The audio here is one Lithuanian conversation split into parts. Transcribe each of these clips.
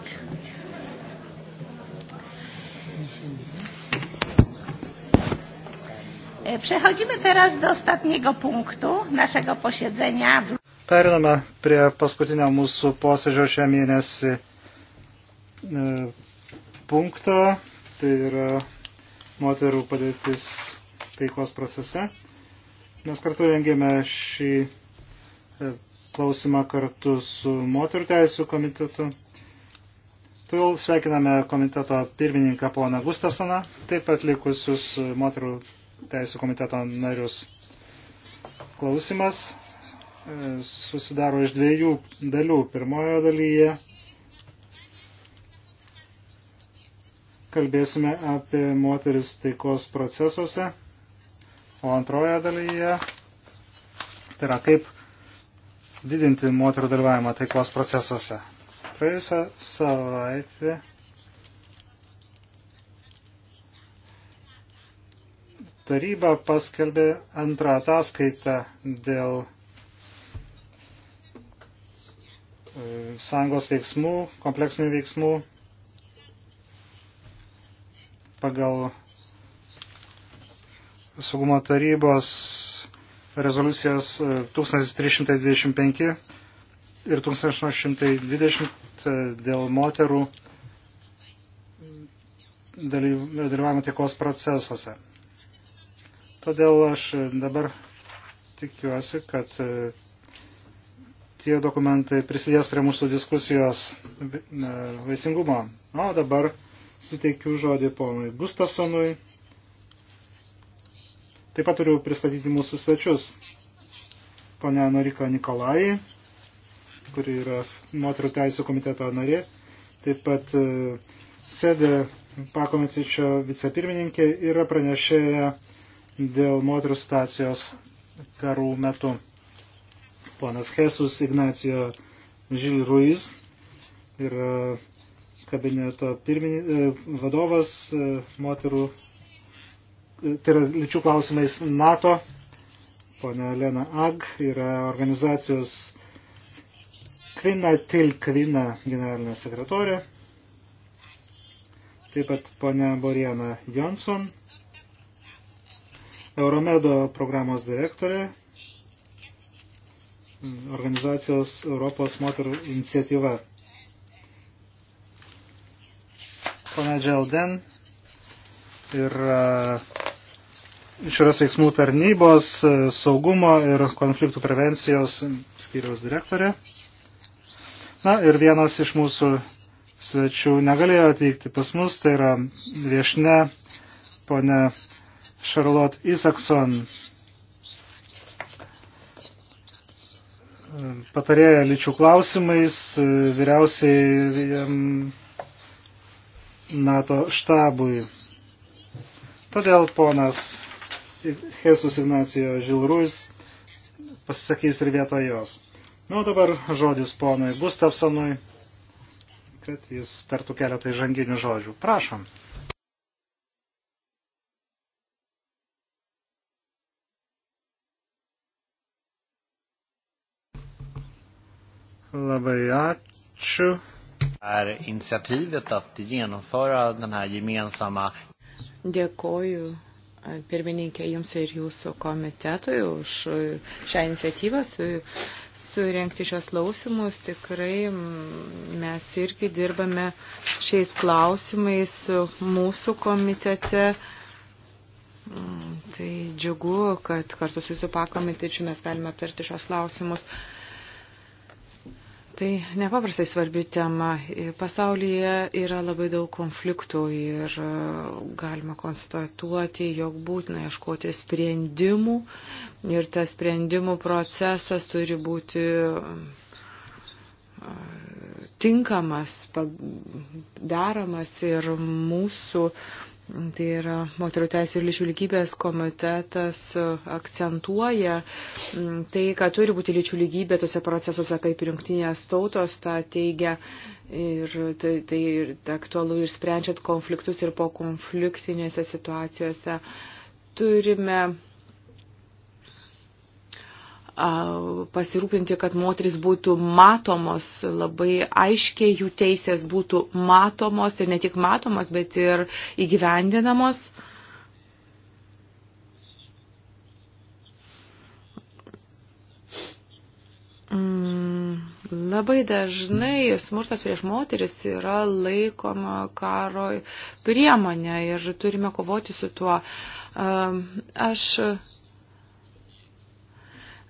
Marek. E, przechodzimy teraz do ostatniego punktu naszego posiedzenia. Periname prie paskutinio mūsų posėdžio šią mėnesį e, punkto, tai yra moterų padėtis taikos procese. Mes kartu rengėme šį e, klausimą kartu su moterų teisų komitetu. Todėl sveikiname komiteto pirmininką poną Gustafsoną, taip pat likusius moterų teisų komiteto narius. Klausimas e, susidaro iš dviejų dalių. Pirmojo dalyje kalbėsime apie moteris taikos procesuose, o antroje dalyje tai yra kaip didinti moterų dalyvavimą taikos procesuose praėjusią savaitę taryba paskelbė antrą ataskaitą dėl e, sąjungos veiksmų, kompleksinių veiksmų pagal saugumo tarybos rezoliucijos 1325 e, ir 1820 e, dėl moterų dalyvavimo taikos procesuose. Todėl aš dabar tikiuosi, kad e, tie dokumentai prisidės prie mūsų diskusijos e, vaisingumo. O dabar suteikiu žodį ponui Gustafsonui. Taip pat turiu pristatyti mūsų svečius. Pone Noriko Nikolai, kuri yra moterų teisų komiteto narė, taip pat e, sėdė pakomitvičio vicepirmininkė yra pranešėja dėl moterų stacijos karų metu. Ponas Jesus Ignacio Žil Ruiz yra e, kabineto pirmini, e, vadovas moterų, tai yra lyčių klausimais NATO. Pone Elena Ag yra organizacijos Kvina Tilkvina, generalinė sekretorė. Taip pat ponia Boriana Johnson, Euromedo programos direktorė, organizacijos Europos moterų iniciatyva. Pana Dželden ir uh, išras veiksmų tarnybos, uh, saugumo ir konfliktų prevencijos skyriaus direktorė. Na ir vienas iš mūsų svečių negalėjo atvykti pas mus, tai yra viešne ponė Charlotte Isakson, patarėja lyčių klausimais, vyriausiai NATO štabui. Todėl ponas Jesus Ignacijo Žilruis pasisakys ir vietoj jos. Na, nu, dabar žodis ponui Gustafsonui, kad jis tartų keletą įžanginių žodžių. Prašom. Labai ačiū. Ar iniciatyvet at genomföra den här gemensamma Dėkoju pirmininkė jums ir jūsų komitetui už šią iniciatyvą su, surenkti šios lausimus. Tikrai mm, mes irgi dirbame šiais klausimais mūsų komitete. Mm, tai džiugu, kad kartu su jūsų pakomitečiu mes galime aptarti šios klausimus. Uh, Tai nepaprastai svarbi tema. Pasaulyje yra labai daug konfliktų ir e, galima konstatuoti, jog būtina ieškoti sprendimų ir tas sprendimų procesas turi būti e, tinkamas, deramas ir mūsų uh, Tai yra moterų teisų ir lyčių lygybės komitetas akcentuoja mm, tai, kad turi būti lyčių lygybė tose procesuose, kaip ir jungtinės tautos tą teigia. Ir tai, tai ir aktualu ir sprendžiant konfliktus ir po konfliktinėse situacijose turime pasirūpinti, kad moteris būtų matomos, labai aiškiai jų teisės būtų matomos ir ne tik matomos, bet ir įgyvendinamos. Mm, labai dažnai smurtas prieš moteris yra laikoma karo priemonė ir turime kovoti su tuo. Aš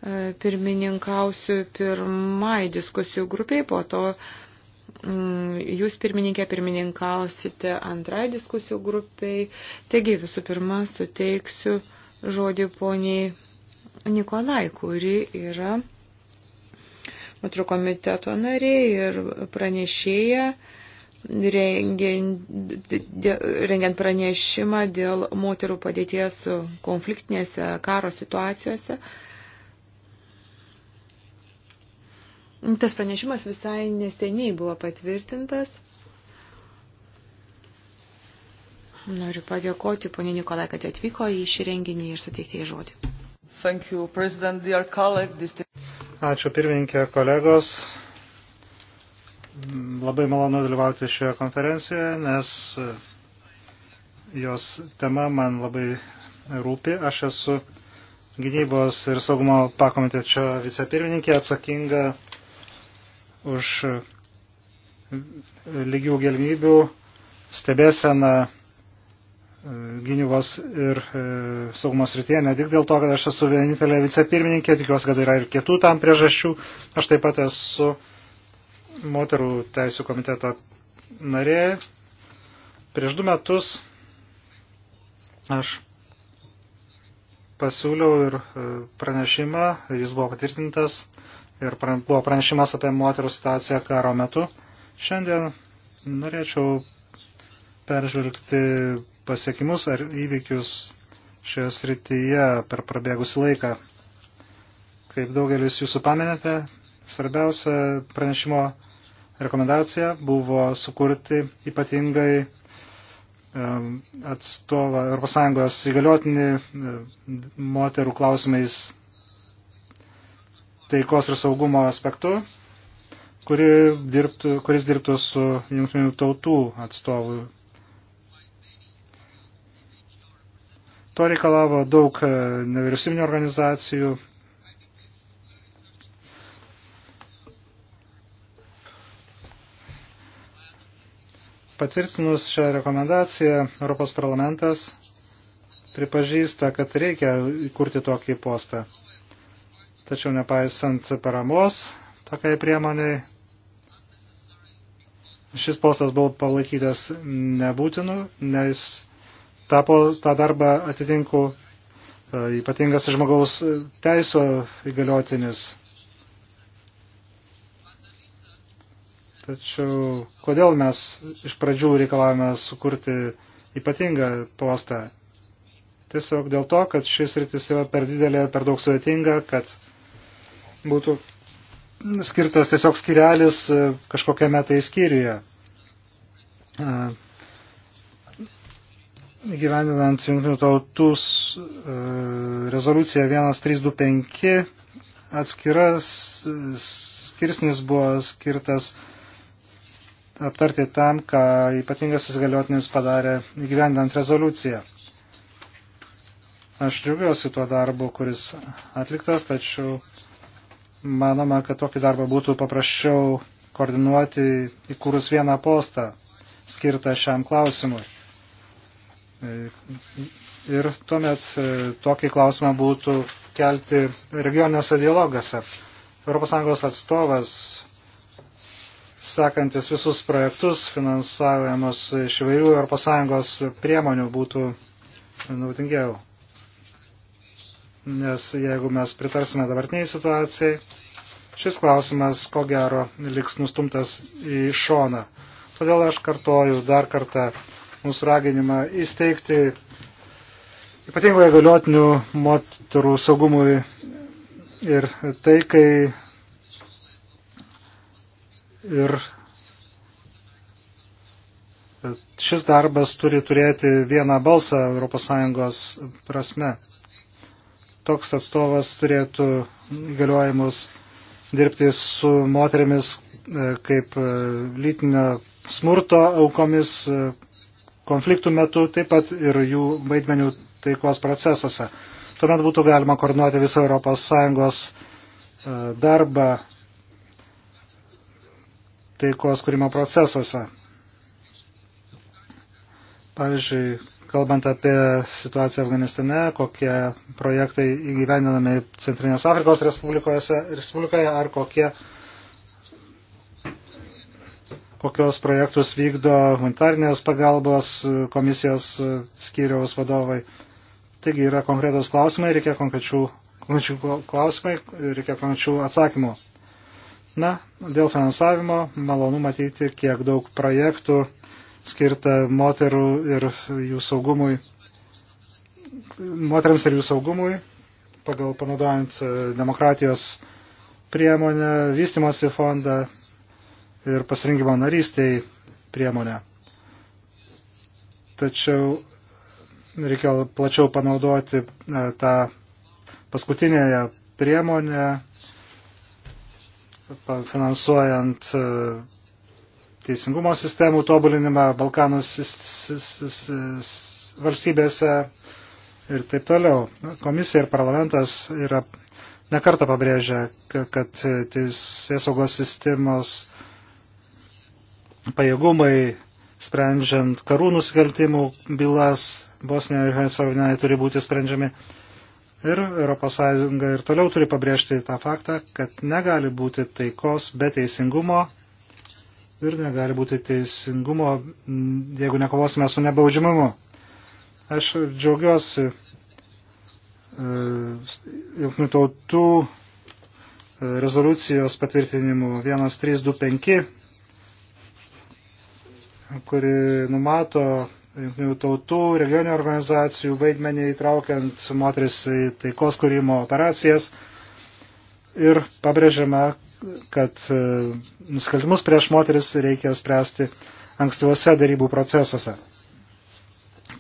E, pirmininkausiu pirmai diskusijų grupiai, po to mm, jūs pirmininkė pirmininkausite antrai diskusijų grupiai. Taigi visų pirma suteiksiu žodį poniai Nikolai, kuri yra matru komiteto narė ir pranešėja rengiant, rengiant pranešimą dėl moterų padėties konfliktinėse karo situacijose. Uh, Tas pranešimas visai neseniai buvo patvirtintas. Noriu padėkoti ponė Nikolai, kad atvyko į šį renginį ir suteikė į žodį. You, Ačiū pirmininkė kolegos. Labai malonu dalyvauti šioje konferencijoje, nes jos tema man labai rūpi. Aš esu gynybos ir saugumo pakomitečio vicepirmininkė atsakinga už lygių galimybių stebėseną e, gynybos ir e, saugumo srityje, ne tik dėl to, kad aš esu vienintelė vicepirmininkė, tikiuosi, kad yra ir kitų tam priežasčių. Aš taip pat esu moterų teisų komiteto narė. Prieš du metus aš pasiūliau ir e, pranešimą, jis buvo patvirtintas ir buvo pranešimas apie moterų situaciją karo metu. Šiandien norėčiau peržvelgti pasiekimus ar įvykius šioje srityje per prabėgusį laiką. Kaip daugelis jūsų pamenėte, svarbiausia pranešimo rekomendacija buvo sukurti ypatingai atstovą ES įgaliotinį moterų klausimais taikos ir saugumo aspektu, kuri dirbtų, kuris dirbtų su jungtinių tautų atstovu. To reikalavo daug e, nevyriausybinio organizacijų. Patvirtinus šią rekomendaciją, Europos parlamentas pripažįsta, kad reikia įkurti tokį postą. Tačiau nepaisant paramos tokiai priemoniai, šis postas buvo palaikytas nebūtinu, nes tapo tą darbą atitinku e, ypatingas žmogaus teisų įgaliotinis. Tačiau kodėl mes iš pradžių reikalavome sukurti ypatingą postą? Tiesiog dėl to, kad šis rytis yra per didelė, per daug sudėtinga, kad būtų skirtas tiesiog skirelis e, kažkokiame tai skyriuje. E, Gyvendinant jungtinių tautų e, rezoliuciją 1325 atskiras skirsnis buvo skirtas aptarti tam, ką ypatingas susigaliotinis padarė įgyvendant rezoliuciją. Aš džiaugiuosi tuo darbu, kuris atliktas, tačiau manoma, kad tokį darbą būtų paprasčiau koordinuoti įkūrus vieną postą skirtą šiam klausimui. Ir tuomet e, tokį klausimą būtų kelti regioniuose dialogose. ES atstovas, sekantis visus projektus, finansavimus iš įvairių ES priemonių būtų naudingiau nes jeigu mes pritarsime dabartiniai situacijai, šis klausimas, ko gero, liks nustumtas į šoną. Todėl aš kartoju dar kartą mūsų raginimą įsteigti ypatingoje galiotinių moterų saugumui ir taikai ir šis darbas turi turėti vieną balsą ES prasme toks atstovas turėtų įgaliojimus dirbti su moterimis e, kaip e, lytinio smurto aukomis e, konfliktų metu, taip pat ir jų vaidmenių taikos procesuose. Tuomet būtų galima koordinuoti visą ES darbą taikos kūrimo procesuose. Pavyzdžiui, kalbant apie situaciją Afganistane, kokie projektai įgyvendinami Centrinės Afrikos Respublikoje ar kokie, kokios projektus vykdo humanitarnės pagalbos komisijos skyriaus vadovai. Taigi yra konkretos klausimai, reikia konkrečių, konkrečių klausimai, reikia konkrečių atsakymų. Na, dėl finansavimo malonu matyti, kiek daug projektų skirta moterų ir jų saugumui, moteriams ir jų saugumui, pagal panaudojant e, demokratijos priemonę, vystimosi fondą ir pasirinkimo narystiai priemonę. Tačiau reikia plačiau panaudoti e, tą paskutinėje priemonę, finansuojant e, teisingumo sistemų tobulinimą Balkanų valstybėse ir taip toliau. Komisija ir parlamentas yra nekarta pabrėžę, kad teisėsaugos sistemos pajėgumai sprendžiant karų nusikaltimų bylas Bosnijoje ir Hercegovinoje turi būti sprendžiami. Ir ES ir toliau turi pabrėžti tą faktą, kad negali būti taikos be teisingumo ir negali būti teisingumo, jeigu nekovosime su nebaudžiamumu. Aš džiaugiuosi e, jungtinių tautų e, rezoliucijos patvirtinimu 1325, kuri numato jungtinių tautų regioninių organizacijų vaidmenį įtraukiant moteris į taikos kūrimo operacijas ir pabrėžiama, kad e, nusikaltimus prieš moteris reikia spręsti ankstyvose darybų procesuose.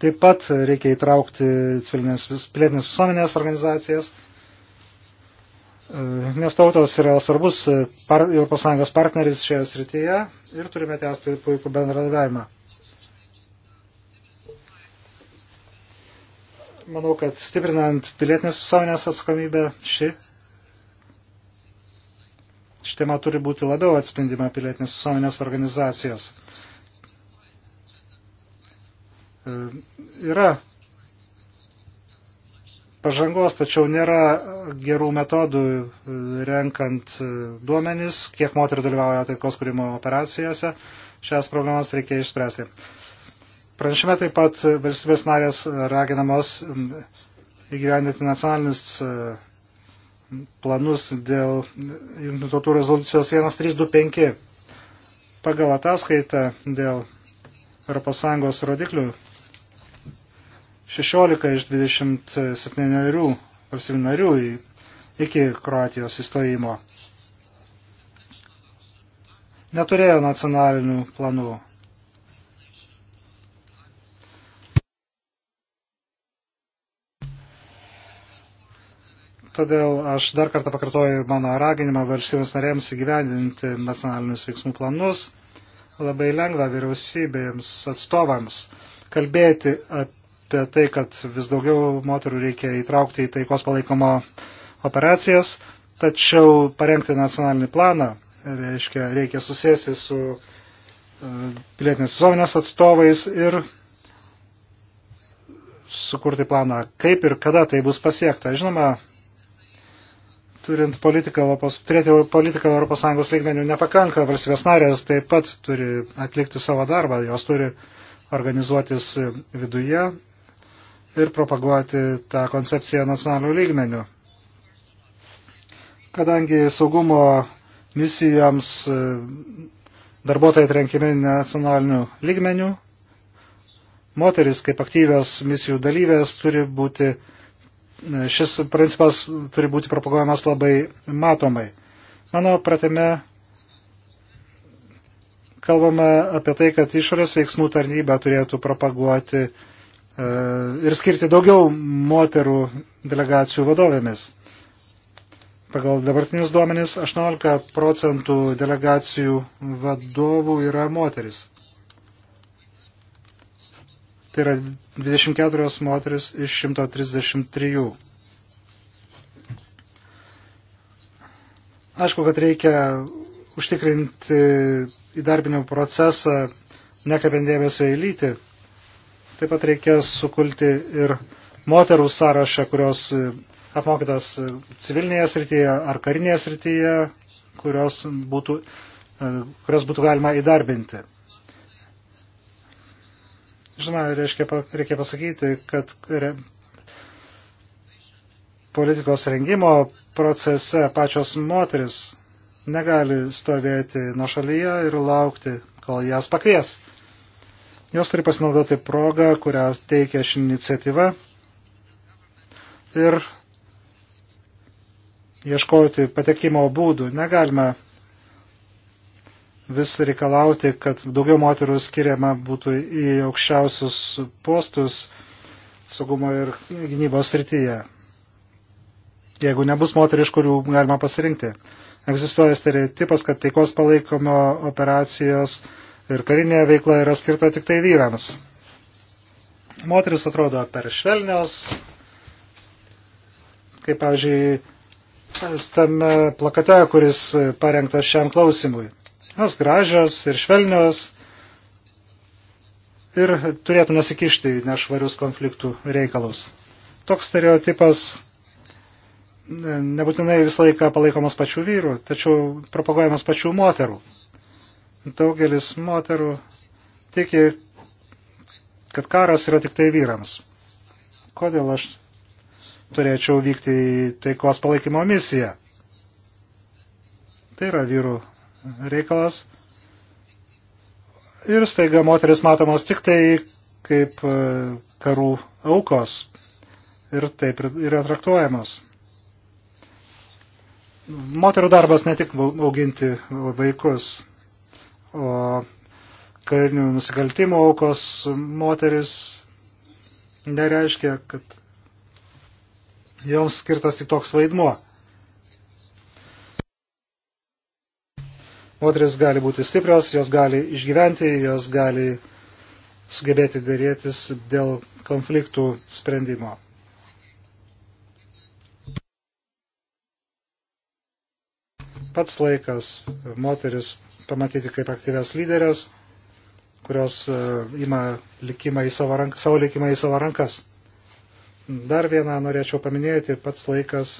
Taip pat reikia įtraukti pilietinės visuomenės organizacijas, e, nes tautos yra svarbus e, par, Europos Sąjungos partneris šioje srityje ir turime tęsti puikų bendradarbiavimą. Manau, kad stiprinant pilietinės visuomenės atsakomybę, ši šitama turi būti labiau atspindima pilietinės visuomenės organizacijos. E, yra pažangos, tačiau nėra gerų metodų e, renkant e, duomenis, kiek moterų dalyvauja taikos kūrimo operacijose. Šias problemas reikia išspręsti. Pranešime taip pat valstybės narės raginamos įgyvendinti nacionalinius planus dėl Junktinių tautų rezoliucijos 1325. Pagal ataskaitą dėl ES rodiklių 16 iš 27 narių, valstybių narių iki Kroatijos įstojimo neturėjo nacionalinių planų. Todėl aš dar kartą pakartoju mano raginimą valstybės narėms įgyvendinti nacionalinius veiksmų planus. Labai lengva vyriausybėms atstovams kalbėti apie tai, kad vis daugiau moterų reikia įtraukti į taikos palaikomo operacijas, tačiau parengti nacionalinį planą, reiškia, reikia susėsti su e, pilietinės visuomenės atstovais ir sukurti planą, kaip ir kada tai bus pasiekta. Žinoma, turint politiką Europos, turėti politiką Europos Sąjungos lygmenių nepakanka, valstybės narės taip pat turi atlikti savo darbą, jos turi organizuotis viduje ir propaguoti tą koncepciją nacionalių lygmenių. Kadangi saugumo misijoms e, darbuotojai atrenkimi nacionalinių lygmenių, moteris kaip aktyvios misijų dalyvės turi būti uh, šis principas turi būti propaguojamas labai matomai. Mano pratime kalbame apie tai, kad išorės veiksmų tarnyba turėtų propaguoti e, ir skirti daugiau moterų delegacijų vadovėmis. Pagal dabartinius duomenys 18 procentų delegacijų vadovų yra moteris. Tai yra 24 moteris iš 133. Aišku, kad reikia užtikrinti įdarbinimo procesą, nekreipiant dėmesio į lytį. Taip pat reikės sukulti ir moterų sąrašą, kurios apmokytas civilinėje srityje ar karinėje srityje, kurios būtų, e, kurios būtų galima įdarbinti. Žinoma, reiškia, reikia pasakyti, kad re, politikos rengimo procese pačios moteris negali stovėti nuo šalyje ir laukti, kol jas pakvies. Jos turi pasinaudoti progą, kurią teikia ši iniciatyva ir ieškoti patekimo būdų. Negalime vis reikalauti, kad daugiau moterų skiriama būtų į aukščiausius postus saugumo ir gynybos srityje. Jeigu nebus moterų, iš kurių galima pasirinkti. Egzistuoja stereotipas, kad taikos palaikomo operacijos ir karinė veikla yra skirta tik tai vyrams. Moteris atrodo per švelnios, kaip pavyzdžiui, tame plakate, kuris parengtas šiam klausimui. Jos gražios ir švelnios ir turėtų nesikišti į nešvarius konfliktų reikalus. Toks stereotipas nebūtinai visą laiką palaikomas pačių vyrų, tačiau propaguojamas pačių moterų. Daugelis moterų tiki, kad karas yra tik tai vyrams. Kodėl aš turėčiau vykti į taikos palaikymo misiją? Tai yra vyrų reikalas. Ir staiga moteris matomos tik tai kaip e, karų aukos ir taip yra traktuojamos. Moterų darbas ne tik auginti vaikus, o karinių nusikaltimų aukos moteris nereiškia, kad joms skirtas tik toks vaidmuo. Moteris gali būti stiprios, jos gali išgyventi, jos gali sugebėti dėrėtis dėl konfliktų sprendimo. Pats laikas moteris pamatyti kaip aktyves lyderės, kurios e, ima likimą į savo, rank, savo likimą į savo rankas. Dar vieną norėčiau paminėti, pats laikas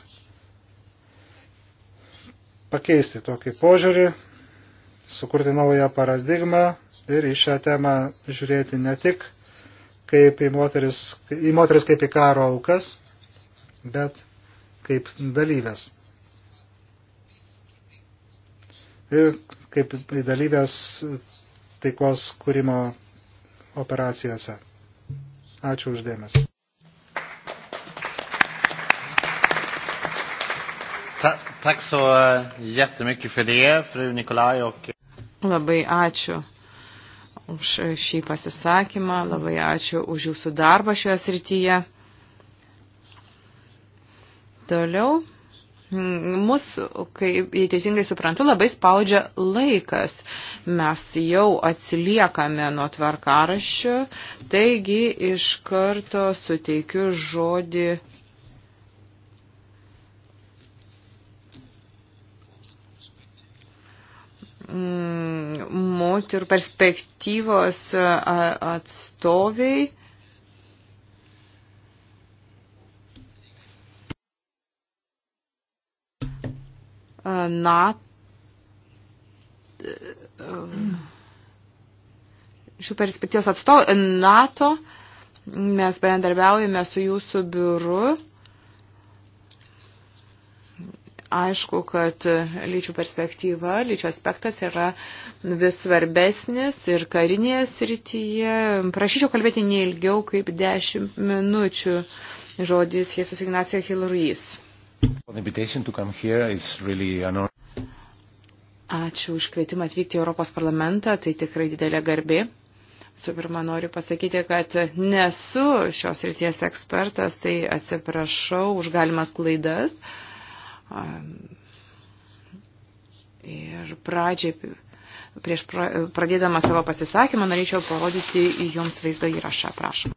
pakeisti tokį požiūrį sukurti naują paradigmą ir į šią temą žiūrėti ne tik kaip į moteris, į moteris kaip į karo aukas, bet kaip dalyvės. Ir kaip į dalyvės taikos kūrimo operacijose. Ačiū uždėmesi. Tack så eh, jättemycket för det, fru Nikolaj. Och... Labai ačiū už šį pasisakymą, labai ačiū už jūsų darbą šioje srityje. Toliau. Mus, kai teisingai suprantu, labai spaudžia laikas. Mes jau atsiliekame nuo tvarkaraščių, taigi iš karto suteikiu žodį Mm, moterų perspektyvos atstoviai. Na, šių perspektyvos atstovų NATO, mes bendarbiaujame su jūsų biuru aišku, kad lyčių perspektyva, lyčių aspektas yra vis svarbesnis ir karinėje srityje. Prašyčiau kalbėti neilgiau kaip 10 minučių. Žodis Jesus Ignacio Hilruis. Ačiū už kvietimą atvykti į Europos parlamentą, tai tikrai didelė garbė. Su pirma, noriu pasakyti, kad nesu šios ryties ekspertas, tai atsiprašau už galimas klaidas. Uh, Ir pradžiai, prieš pradėdama savo pasisakymą, norėčiau parodyti jums vaizdo įrašą. Prašom.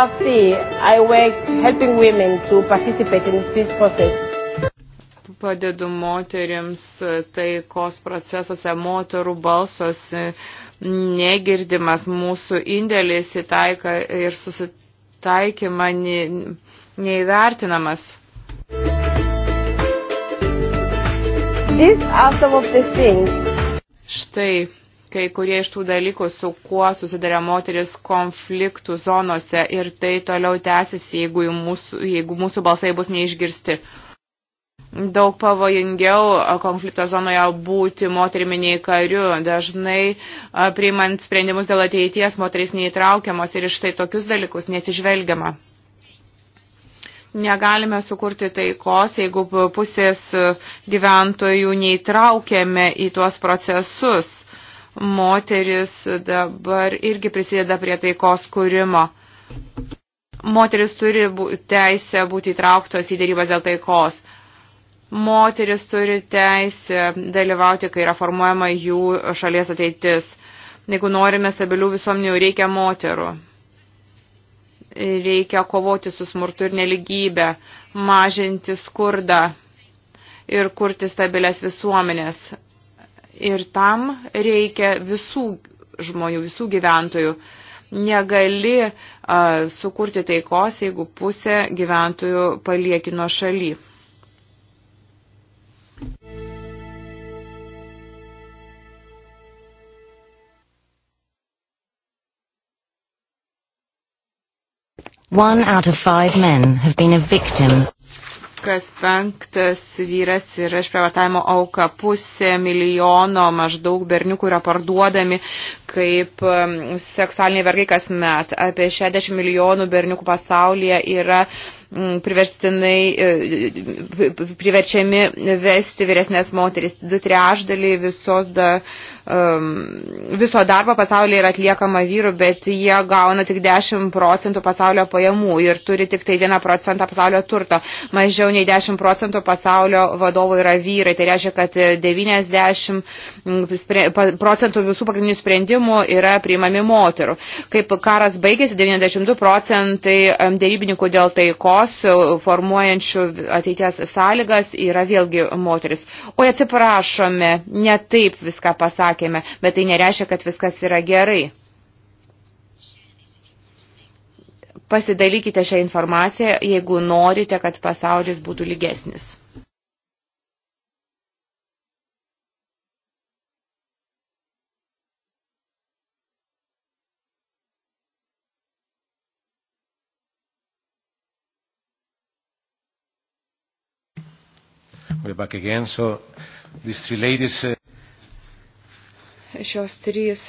LC, I work helping women to participate in this process padedu moteriams taikos procesuose, moterų balsas e, negirdimas, mūsų indėlis į taiką ir susitaikymą neįvertinamas. Štai kai kurie iš tų dalykų, su kuo susidarė moteris konfliktų zonose ir tai toliau tęsis, jeigu mūsų, jeigu mūsų balsai bus neišgirsti daug pavojingiau konflikto zonoje būti moterimi nei kariu. Dažnai priimant sprendimus dėl ateities moteris neįtraukiamos ir iš tai tokius dalykus neatsižvelgiama. Negalime sukurti taikos, jeigu pusės gyventojų neįtraukėme į tuos procesus. Moteris dabar irgi prisideda prie taikos kūrimo. Moteris turi teisę būti įtrauktos į dėrybas dėl taikos moteris turi teisę dalyvauti, kai yra formuojama jų šalies ateitis. Jeigu norime stabilių visuomenių, reikia moterų. Reikia kovoti su smurtu ir neligybė, mažinti skurdą ir kurti stabilias visuomenės. Ir tam reikia visų žmonių, visų gyventojų. Negali uh, sukurti taikos, jeigu pusė gyventojų palieki nuo šaly. One out of five men have been a victim. Kas penktas vyras yra išprievartavimo auka, pusė milijono maždaug berniukų yra parduodami kaip seksualiniai vergai kasmet. Apie 60 milijonų berniukų pasaulyje yra priverstinai e, priverčiami vesti vyresnės moteris. Du trešdaliai visos da, uh, Um, viso darbo pasaulyje yra atliekama vyrų, bet jie gauna tik 10 procentų pasaulio pajamų ir turi tik tai 1 procentą pasaulio turto. Mažiau nei 10 procentų pasaulio vadovų yra vyrai. Tai reiškia, kad 90 mm, procentų visų pagrindinių sprendimų yra priimami moterų. Kaip karas baigėsi, 92 procentai dėrybininkų dėl taikos formuojančių ateities sąlygas yra vėlgi moteris. O atsiprašome, ne taip viską pasakė sakėme, bet tai nereiškia, kad viskas yra gerai. Pasidalykite šią informaciją, jeigu norite, kad pasaulis būtų lygesnis. We're back again. So these three ladies. Uh, šios trys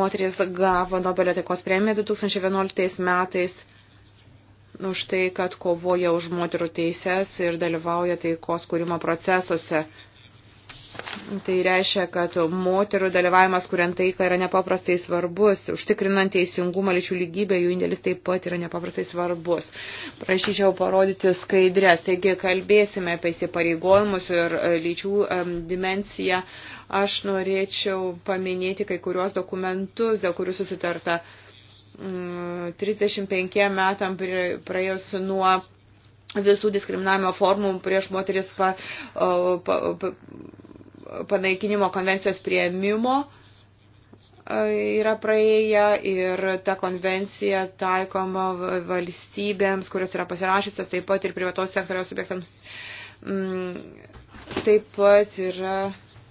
moteris gavo Nobelio taikos premiją 2011 metais už tai, kad kovoja už moterų teises ir dalyvauja taikos kūrimo procesuose. Tai reiškia, kad moterų dalyvavimas, kuriant taiką, yra nepaprastai svarbus. Užtikrinant teisingumą, lyčių lygybę, jų indėlis taip pat yra nepaprastai svarbus. Prašyčiau parodyti skaidrės. Taigi kalbėsime apie įsipareigojimus ir e, lyčių dimenciją. Aš norėčiau paminėti kai kuriuos dokumentus, dėl kurių susitarta 35 mm, metam praėjus nuo visų diskriminavimo formų prieš moteris pa, pa, pa, panaikinimo konvencijos prieimimo e, yra praėję ir ta konvencija taikoma valstybėms, kurios yra pasirašytos, taip pat ir privatos sektoriaus subjektams. Mm, taip pat yra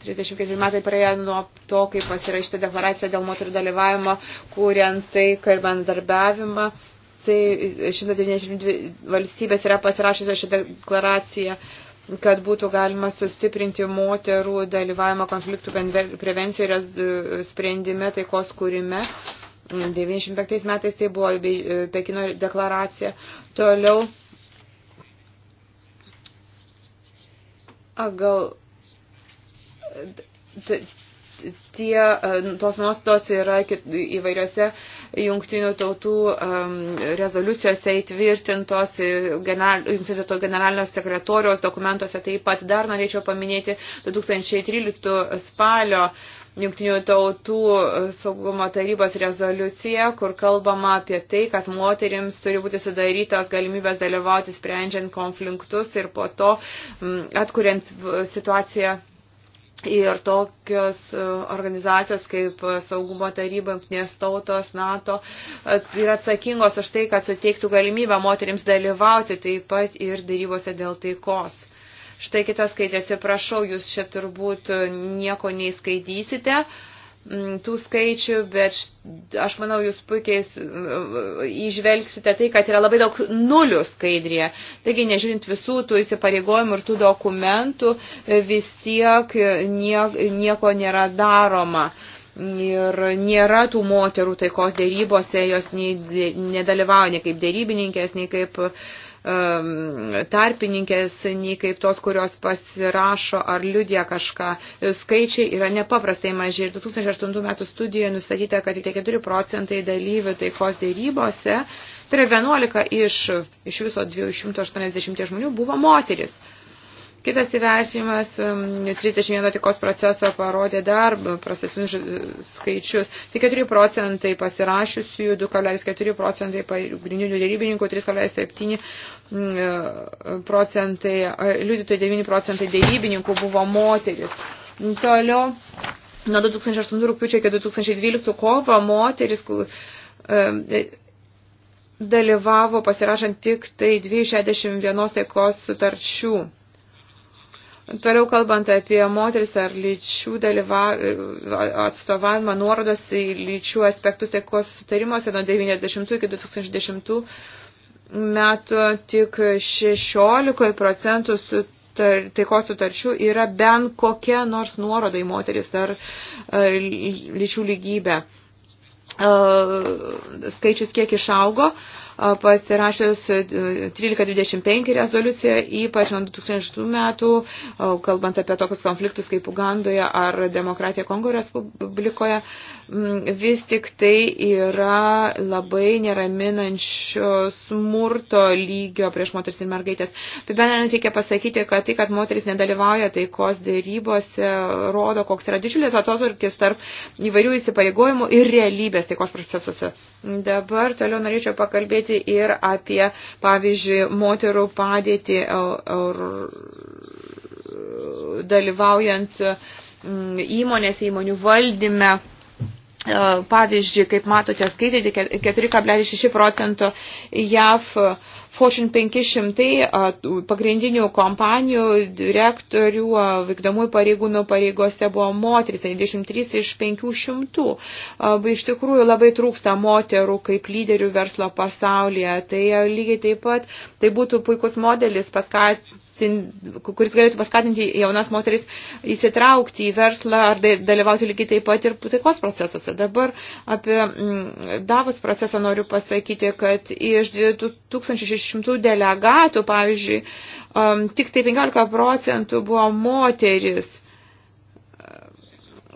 34 metai praėjo nuo to, kai pasirašyta deklaracija dėl moterų dalyvavimo, kuriant taiką ir bendarbiavimą. Tai 192 valstybės yra pasirašyta šią deklaraciją. Uh, kad būtų galima sustiprinti moterų dalyvavimą konfliktų prevencijoje ir sprendime taikos kūrime. 95 metais tai buvo e, Pekino deklaracija. Toliau. A, gal tie, e, tos nuostos yra įvairiose jungtinių tautų rezoliucijose įtvirtintos, e, general, jungtinių tautų generalinio sekretorijos dokumentuose taip pat dar norėčiau paminėti 2013 spalio Junktinių tautų e, saugumo tarybos rezoliucija, kur kalbama apie tai, kad moterims turi būti sudarytos galimybės dalyvauti sprendžiant konfliktus ir po to atkuriant situaciją Ir tokios e, organizacijos kaip e, Saugumo taryba, Junktinės tautos, NATO e, yra atsakingos už tai, kad suteiktų galimybę moterims dalyvauti taip pat ir darybose dėl taikos. Štai kitas skaitė, atsiprašau, jūs čia turbūt nieko neįskaitysite. Uh, Mm, tų skaičių, bet aš manau, jūs puikiai išvelgsite e, tai, kad yra labai daug nulių skaidrėje. Taigi, nežiūrint visų tų įsipareigojimų ir tų dokumentų, e, vis tiek e, nieko nėra daroma. Ir nėra tų moterų taikos dėrybose, jos nei, nedalyvauja nei kaip dėrybininkės, nei kaip uh, Um, tarpininkės, nei kaip tos, kurios pasirašo ar liudė kažką. Skaičiai yra nepaprastai maži. Ir 2008 metų studijoje nustatyta, kad tik 4 procentai dalyvių taikos dėrybose, tai yra 11 iš, iš viso 280 žmonių buvo moteris. Kitas įvertinimas 31 um, tikos proceso parodė dar prastesnius skaičius. Tik 4 procentai pasirašiusių, 2,4 procentai pagrindinių dėrybininkų, 3,7 mm, e, procentai, e, liudytojų 9 procentai dėrybininkų buvo moteris. Toliau, nuo 2008 rūpiučio iki 2012 kovo moteris e, dalyvavo pasirašant tik tai 261 taikos sutarčių. Toliau kalbant apie moteris ar lyčių dalyva, atstovavimą nuorodas į lyčių aspektus taikos sutarimuose nuo 90 iki 2010 metų tik 16 procentų sutar, taikos sutarčių yra bent kokia nors nuoroda į moteris ar, ar e, lyčių lygybę. E, skaičius kiek išaugo. Uh, pasirašęs 1325 e, rezoliuciją, ypač nuo 2006 metų, kalbant apie tokius konfliktus kaip Ugandoje ar Demokratija Kongo Respublikoje. Mm, vis tik tai yra labai neraminančio smurto lygio prieš moteris ir mergaitės. Apibendrinant reikia pasakyti, kad tai, kad moteris nedalyvauja taikos dėrybose, rodo, koks yra didžiulis atoturkis tarp įvairių įsipareigojimų ir realybės taikos procesuose. Dabar toliau norėčiau pakalbėti ir apie, pavyzdžiui, moterų padėtį ar, e, dalyvaujant mm, įmonėse, įmonių valdyme E, pavyzdžiui, kaip matote, skaitėte 4,6 procento JAV Fortune 500 e, pagrindinių kompanijų direktorių e, vykdomųjų pareigūnų pareigose buvo moteris, 23 iš 500. Iš tikrųjų labai trūksta moterų kaip lyderių verslo pasaulyje. Tai lygiai taip pat, tai būtų puikus modelis paskatinti kuris galėtų paskatinti jaunas moteris įsitraukti į verslą ar dalyvauti lygiai taip pat ir taikos procesuose. Dabar apie mm, Davos procesą noriu pasakyti, kad iš 2600 delegatų, pavyzdžiui, tik tai 15 procentų buvo moteris.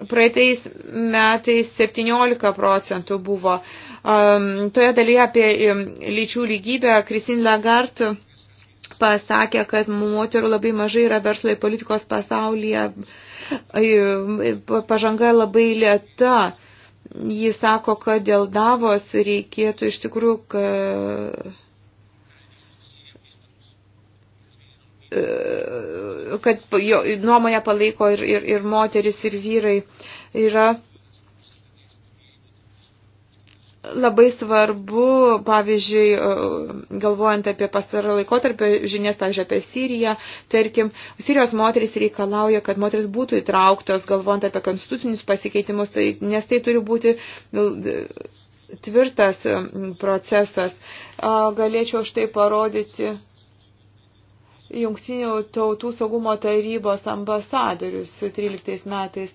Praeitais metais 17 procentų buvo. Um, toje dalyje apie um, lyčių lygybę Kristin Lagarde pasakė, kad moterų labai mažai yra verslo ir politikos pasaulyje, pažanga labai lėta. Jis sako, kad dėl Davos reikėtų iš tikrųjų, kad kad jo nuomonę palaiko ir, ir, ir moteris, ir vyrai. Yra Labai svarbu, pavyzdžiui, galvojant apie pastarą laikotarpį žinias, pavyzdžiui, apie Siriją, tarkim, Sirijos moteris reikalauja, kad moteris būtų įtrauktos, galvojant apie konstitucinius pasikeitimus, tai, nes tai turi būti nu, tvirtas procesas. Galėčiau štai parodyti Jungtinių tautų saugumo tarybos ambasadorius 13 metais.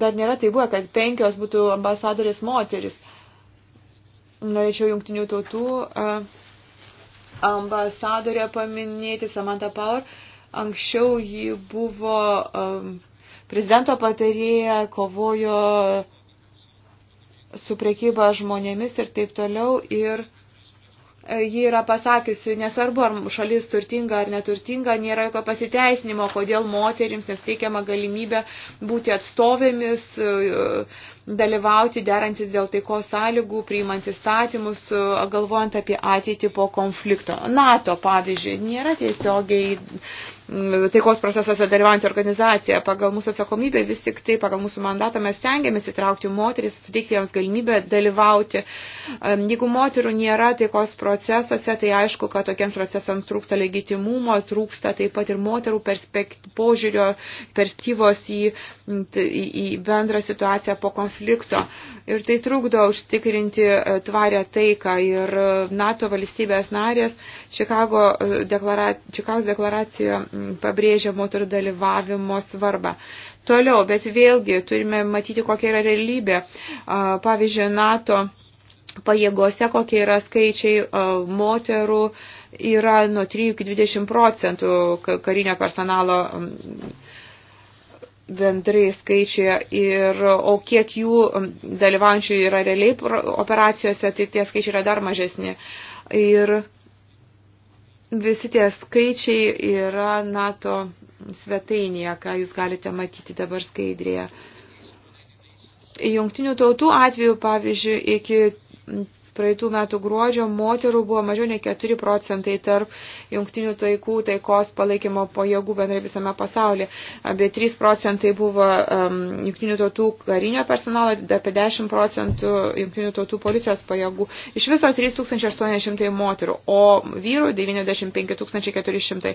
Dar nėra tai buvo, kad penkios būtų ambasadorės moteris norėčiau jungtinių tautų ambasadorę paminėti, Samantha Power. Anksčiau ji buvo prezidento patarėja, kovojo su priekyba žmonėmis ir taip toliau. Ir ji yra pasakiusi, nesvarbu, ar šalis turtinga ar neturtinga, nėra jokio pasiteisinimo, kodėl moterims nesteikiama galimybė būti atstovėmis, e, dalyvauti, derantis dėl taikos sąlygų, priimant įstatymus, e, galvojant apie ateitį po konflikto. NATO, pavyzdžiui, nėra tiesiogiai Mm, taikos procesuose dalyvaujantį organizaciją. Pagal mūsų atsakomybę vis tik tai, pagal mūsų mandatą mes stengiamės įtraukti moteris, suteikti joms galimybę dalyvauti. Jeigu moterų nėra taikos procesuose, tai aišku, kad tokiems procesams trūksta legitimumo, trūksta taip pat ir moterų perspekt, požiūrio, perspektyvos į, į, į bendrą situaciją po konflikto. Ir tai trukdo užtikrinti e, tvarę taiką. Ir e, NATO valstybės narės Čikago e, deklaracijoje, Čikagos deklaracijoje pabrėžia moterų dalyvavimo svarbą. Toliau, bet vėlgi turime matyti, kokia yra realybė. Pavyzdžiui, NATO pajėgose, kokie yra skaičiai moterų, yra nuo 3 iki 20 procentų karinio personalo bendrai skaičiai ir o kiek jų dalyvaujančių yra realiai operacijose, tai tie skaičiai yra dar mažesni. Ir Visi tie skaičiai yra NATO svetainėje, ką jūs galite matyti dabar skaidrėje. Jungtinių tautų atveju, pavyzdžiui, iki praeitų metų gruodžio moterų buvo mažiau nei 4 procentai tarp jungtinių taikų taikos palaikymo pajėgų bendrai visame pasaulyje. Apie 3 procentai buvo um, jungtinių tautų karinio personalo, apie 10 procentų jungtinių tautų policijos pajėgų. Iš viso 3800 moterų, o vyrų 95 400.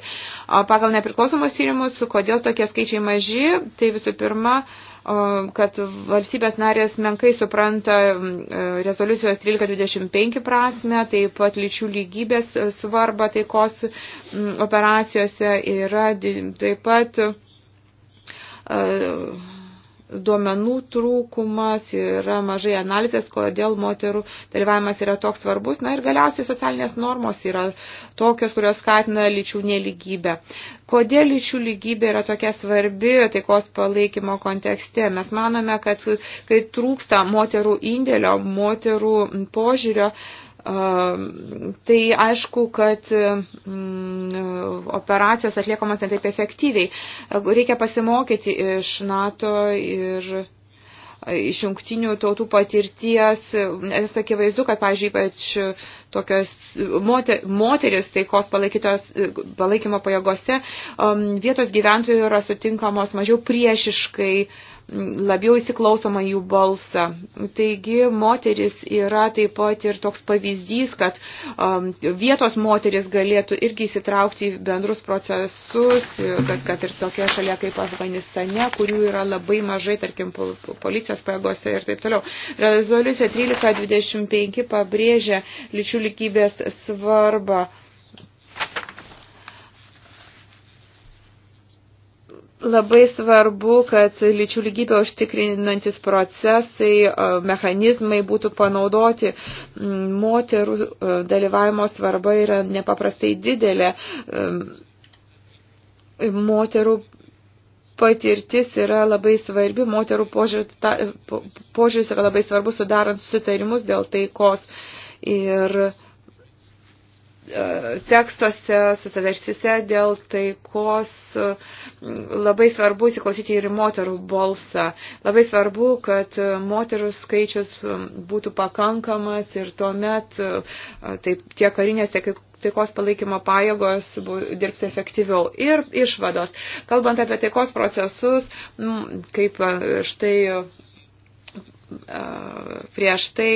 Pagal nepriklausomus tyrimus, kodėl tokie skaičiai maži, tai visų pirma, kad valstybės narės menkai supranta e, rezoliucijos 1325 prasme, taip pat lyčių lygybės svarba taikos operacijose yra taip pat e, duomenų trūkumas, yra mažai analizės, kodėl moterų dalyvavimas yra toks svarbus. Na ir galiausiai socialinės normos yra tokios, kurios skatina lyčių neligybę. Kodėl lyčių lygybė yra tokia svarbi taikos palaikymo kontekste? Mes manome, kad kai trūksta moterų indėlio, moterų požiūrio, Ehm, tai aišku, kad mm, operacijos atliekamas netaip efektyviai. Reikia pasimokyti iš NATO ir e, iš jungtinių tautų patirties, nes akivaizdu, kad, pavyzdžiui, ypač tokios moter, moteris taikos e, palaikymo pajėgose ehm, vietos gyventojų yra sutinkamos mažiau priešiškai uh, labiau įsiklausoma jų balsą. Taigi moteris yra taip pat ir toks pavyzdys, kad um, vietos moteris galėtų irgi įsitraukti į bendrus procesus, kad, kad ir tokia šalia kaip Afganistane, kurių yra labai mažai, tarkim, policijos pajėgose ir taip toliau. Rezoliucija 1325 pabrėžia lyčių lygybės svarbą. Labai svarbu, kad lyčių lygybę užtikrinantis procesai, e, mechanizmai būtų panaudoti. Mm, moterų e, dalyvavimo svarba yra nepaprastai didelė. E, moterų patirtis yra labai svarbi, moterų požiūris yra labai svarbu sudarant susitarimus dėl taikos. Ir tekstuose, susidarsyse dėl taikos labai svarbu įsiklausyti ir moterų balsą. Labai svarbu, kad moterų skaičius būtų pakankamas ir tuomet taip, tie karinės, tiek taikos palaikymo pajėgos dirbs efektyviau. Ir išvados. Kalbant apie taikos procesus, kaip štai prieš tai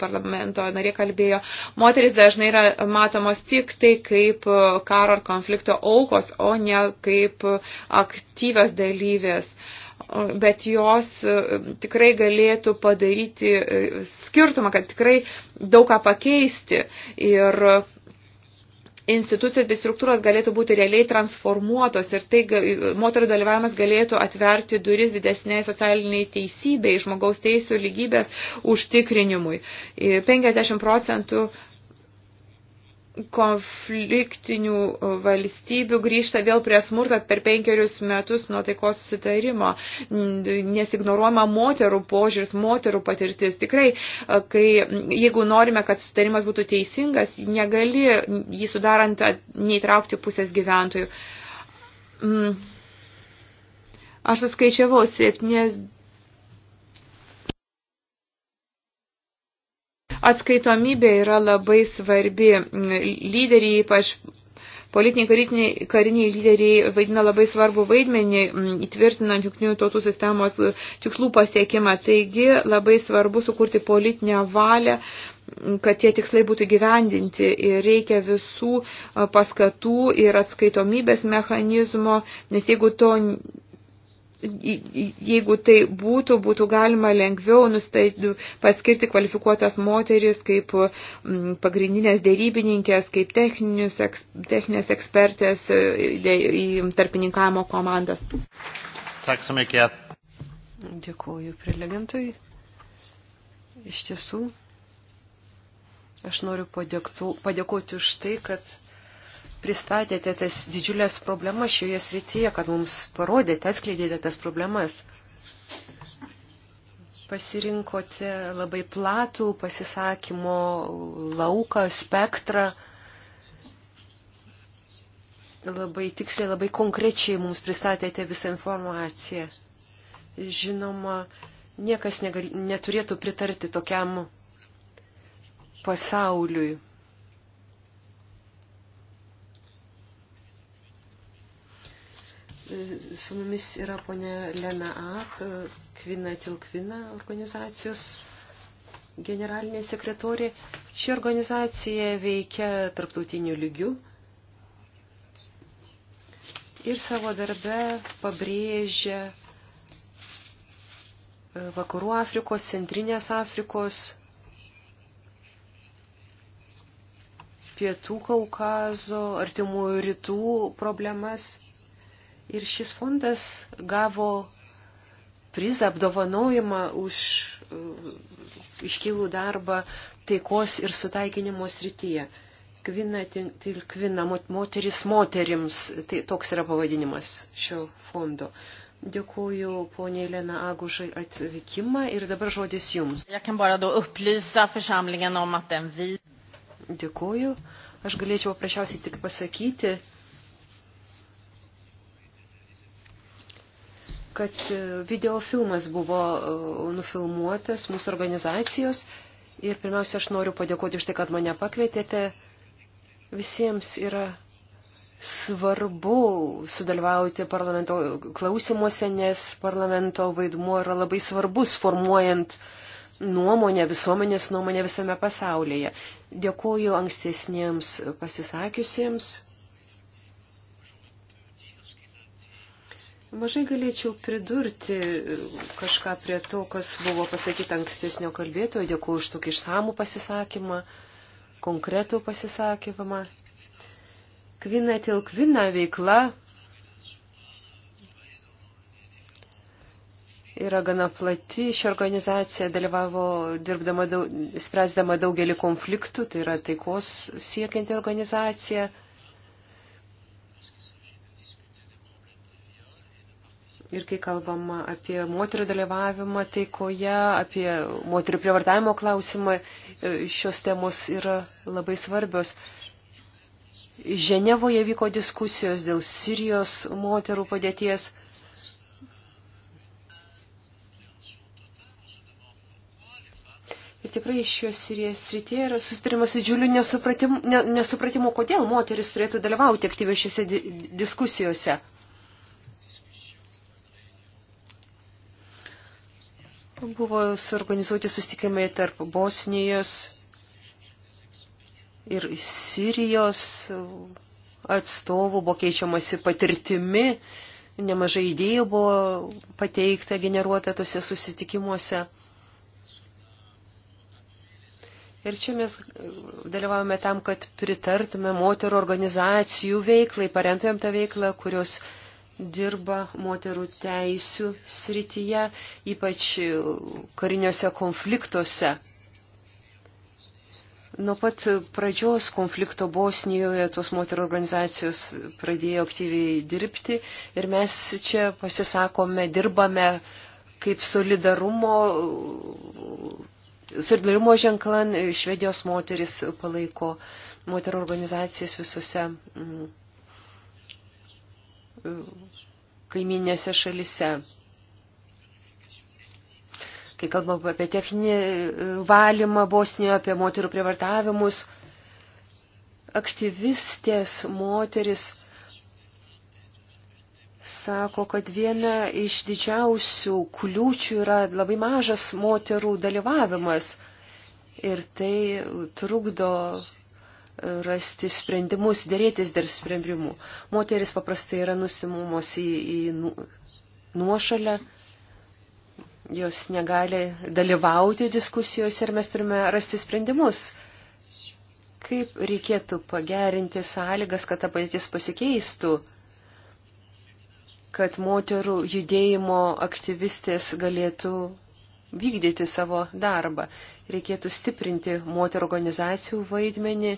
parlamento narė kalbėjo, moteris dažnai yra matomos tik tai kaip karo ar konflikto aukos, o ne kaip aktyvios dalyvės. Bet jos tikrai galėtų padaryti skirtumą, kad tikrai daug ką pakeisti. Ir institucijos bei struktūros galėtų būti realiai transformuotos ir tai moterų dalyvavimas galėtų atverti duris didesniai socialiniai teisybei, žmogaus teisų lygybės užtikrinimui. 50 procentų konfliktinių valstybių grįžta vėl prie smurto per penkerius metus nuo taikos susitarimo, nes ignoruojama moterų požiūris, moterų patirtis. Tikrai, kai, jeigu norime, kad susitarimas būtų teisingas, negali jį sudarant neįtraukti pusės gyventojų. Mm. Aš suskaičiavau 70 Atskaitomybė yra labai svarbi. Lyderiai, ypač Politiniai kariniai, kariniai lyderiai vaidina labai svarbu vaidmenį įtvirtinant jungtinių tautų sistemos tikslų pasiekimą. Taigi labai svarbu sukurti politinę valią, kad tie tikslai būtų gyvendinti ir reikia visų paskatų ir atskaitomybės mechanizmo, nes jeigu to jeigu tai būtų, būtų galima lengviau nustatyti, paskirti kvalifikuotas moteris kaip mm, pagrindinės dėrybininkės, kaip techninius, techninės ekspertės e, į tarpininkavimo komandas. Dėkuoju prelegentui. Iš tiesų, aš noriu padėktu, padėkoti už tai, kad pristatėte tas didžiulės problemas šioje srityje, kad mums parodėte, atskleidėte tas problemas. Pasirinkote labai platų pasisakymo lauką, spektrą. Labai tiksliai, labai konkrečiai mums pristatėte visą informaciją. Žinoma, niekas negali, neturėtų pritarti tokiam pasauliui Su mumis yra ponė Lena Ak, Kvina Tilkvina organizacijos generalinė sekretorė. Ši organizacija veikia tarptautiniu lygiu ir savo darbe pabrėžia e, Vakarų Afrikos, Centrinės Afrikos, Pietų Kaukazo, Artimųjų Rytų problemas Ir šis fondas gavo prizą, apdovanojimą už uh, iškilų darbą taikos ir sutaikinimo srityje. Kvina tilkvina moteris moterims, tai toks yra pavadinimas šio fondo. Dėkuoju ponė Elena Agušai atvykimą ir dabar žodis jums. Dėkuoju. Aš galėčiau paprasčiausiai tik pasakyti, kad e, videofilmas buvo e, nufilmuotas mūsų organizacijos ir pirmiausia, aš noriu padėkoti už tai, kad mane pakvietėte. Visiems yra svarbu sudalyvauti parlamento klausimuose, nes parlamento vaidmuo yra labai svarbus formuojant nuomonę, visuomenės nuomonę visame pasaulyje. Dėkuoju ankstesniems pasisakiusiems. Mažai galėčiau pridurti kažką prie to, kas buvo pasakyta ankstesnio kalbėtojo. Dėkuoju už tokį išsamų pasisakymą, konkretų pasisakymą. Kvina tilkvina veikla yra gana plati. Ši organizacija dalyvavo dirbdama, daug, spręsdama daugelį konfliktų, tai yra taikos siekianti organizacija. Ir kai kalbama apie moterų dalyvavimą taikoje, apie moterų prievartavimo klausimą, e, šios temos yra labai svarbios. Ženevoje vyko diskusijos dėl Sirijos moterų padėties. Ir tikrai šioje Sirijos srityje yra sustarimas didžiuliu nesupratimu, ne, nesupratimu, kodėl moteris turėtų dalyvauti aktyviai šiuose di diskusijose. Buvo suorganizuoti sustikimai tarp Bosnijos ir Sirijos atstovų, buvo keičiamasi patirtimi, nemažai idėjų buvo pateikta, generuota tose susitikimuose. Ir čia mes dalyvavome tam, kad pritartume moterų organizacijų veiklai, paremtumėm tą veiklą, kurios dirba moterų teisių srityje, ypač kariniuose konfliktuose. Nuo pat pradžios konflikto Bosnijoje tos moterų organizacijos pradėjo aktyviai dirbti ir mes čia pasisakome, dirbame kaip solidarumo, solidarumo ženklan Švedijos moteris palaiko moterų organizacijas visose. Mm, kaiminėse šalise. Kai kalbam apie techninį e, valymą Bosnijoje, apie moterų privartavimus, aktyvistės moteris sako, kad viena iš didžiausių kliūčių yra labai mažas moterų dalyvavimas ir tai trukdo rasti sprendimus, dėrėtis dėl sprendimų. Moteris paprastai yra nusimumos į, į nu, nuošalę, jos negali dalyvauti diskusijose ir mes turime rasti sprendimus. Kaip reikėtų pagerinti sąlygas, kad ta padėtis pasikeistų, kad moterų judėjimo aktyvistės galėtų vykdyti savo darbą. Reikėtų stiprinti moterų organizacijų vaidmenį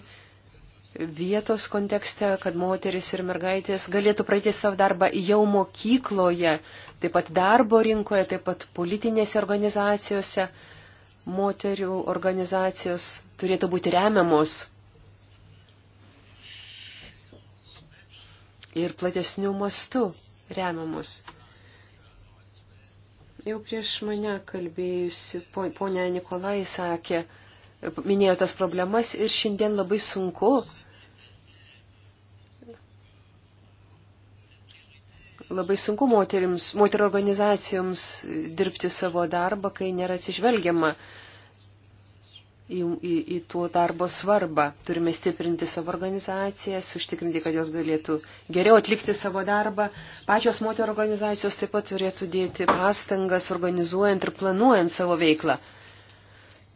vietos kontekste, kad moteris ir mergaitės galėtų pradėti savo darbą jau mokykloje, taip pat darbo rinkoje, taip pat politinėse organizacijose. Moterių organizacijos turėtų būti remiamos ir platesnių mastų remiamos. Jau prieš mane kalbėjusi ponia Nikolai sakė, minėjo tas problemas ir šiandien labai sunku labai sunku moterims, moterų organizacijoms dirbti savo darbą, kai nėra atsižvelgiama į, į, į tuo darbo svarbą. Turime stiprinti savo organizacijas, užtikrinti, kad jos galėtų geriau atlikti savo darbą. Pačios moterų organizacijos taip pat turėtų dėti pastangas, organizuojant ir planuojant savo veiklą.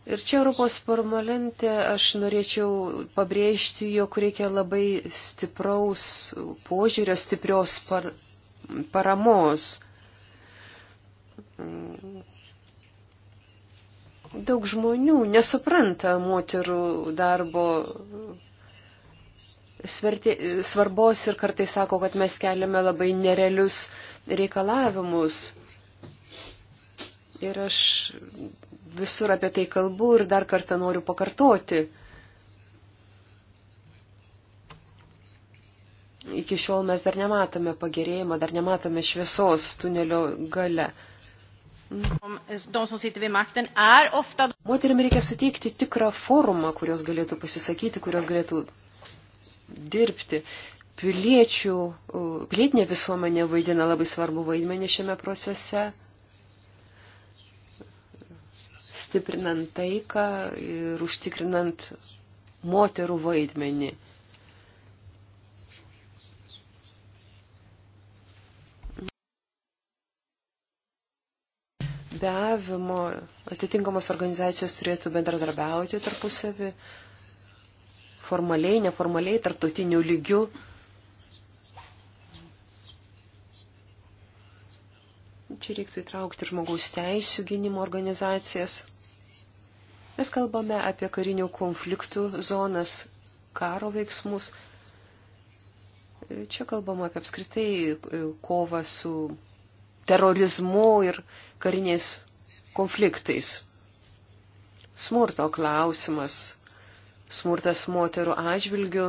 Ir čia Europos parlamente aš norėčiau pabrėžti, jog reikia labai stipraus požiūrio, stiprios par, paramos daug žmonių nesupranta moterų darbo sverti, svarbos ir kartais sako, kad mes keliame labai nerealius reikalavimus. Ir aš visur apie tai kalbu ir dar kartą noriu pakartoti. Iki šiol mes dar nematome pagerėjimo, dar nematome šviesos tunelio gale. Moterim reikia suteikti tikrą forumą, kurios galėtų pasisakyti, kurios galėtų dirbti. Piliečių, pilietinė visuomenė vaidina labai svarbu vaidmenį šiame procese, stiprinant taiką ir užtikrinant moterų vaidmenį. bendradarbiavimo atitinkamos organizacijos turėtų bendradarbiauti tarpusavį formaliai, neformaliai, tarptautinių lygių. Čia reiktų įtraukti žmogaus teisų gynimo organizacijas. Mes kalbame apie karinių konfliktų zonas, karo veiksmus. Čia kalbama apie apskritai e, kovą su terorizmu ir kariniais konfliktais. Smurto klausimas, smurtas moterų atžvilgių,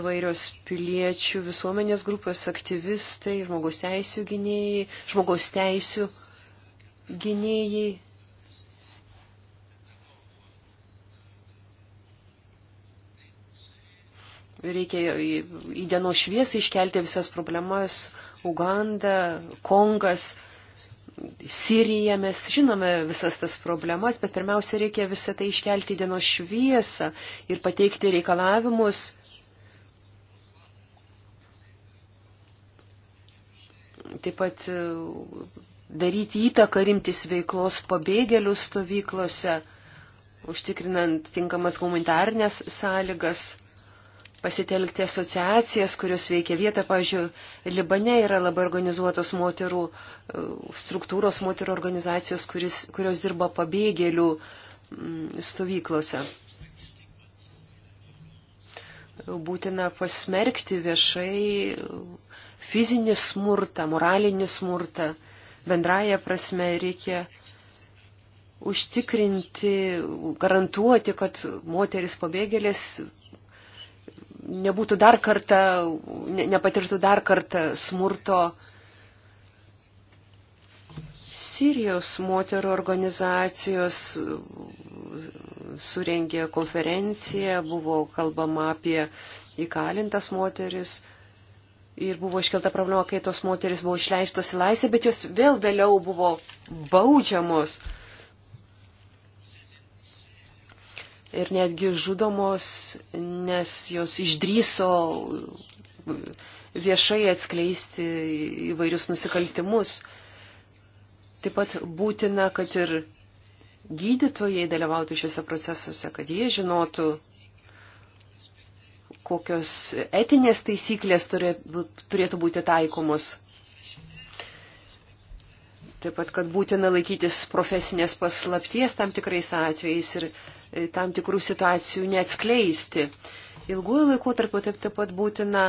įvairios piliečių visuomenės grupės aktyvistai, žmogaus teisų gynėjai, žmogaus teisų gynėjai reikia į dienos šviesą iškelti visas problemas - Uganda, Kongas, Sirija. Mes žinome visas tas problemas, bet pirmiausia, reikia visą tai iškelti į dienos šviesą ir pateikti reikalavimus. Taip pat e, daryti įtaką rimtis veiklos pabėgėlių stovyklose, užtikrinant tinkamas humanitarnės sąlygas pasitelkti asociacijas, kurios veikia vietą. Pavyzdžiui, Libane yra labai organizuotos moterų e, struktūros, moterų organizacijos, kuris, kurios dirba pabėgėlių mm, stovyklose. Būtina pasmerkti viešai e, fizinį smurtą, moralinį smurtą. Bendraja prasme reikia užtikrinti, garantuoti, kad moteris pabėgėlės nebūtų dar kartą, ne, nepatirtų dar kartą smurto. Sirijos moterų organizacijos surengė konferenciją, buvo kalbama apie įkalintas moteris ir buvo iškelta problema, kai tos moteris buvo išleistos į laisvę, bet jos vėl vėliau buvo baudžiamos. Uh, ir netgi žudomos, nes jos išdryso viešai atskleisti įvairius nusikaltimus. Taip pat būtina, kad ir gydytojai dalyvautų šiuose procesuose, kad jie žinotų, kokios etinės taisyklės turėtų būti taikomos. Taip pat, kad būtina laikytis profesinės paslapties tam tikrais atvejais ir E, tam tikrų situacijų neatskleisti. Ilguoju laikotarpiu taip taip pat būtina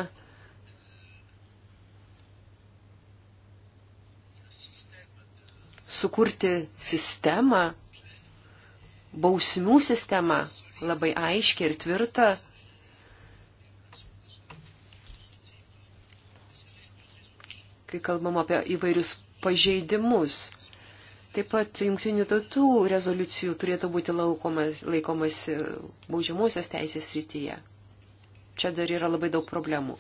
sukurti sistemą, bausmių sistemą, labai aiškiai ir tvirtą, kai kalbam apie įvairius pažeidimus. Taip pat jungtinių tautų rezoliucijų turėtų būti laukomas, laikomasi baudžiamosios teisės rytyje. Čia dar yra labai daug problemų.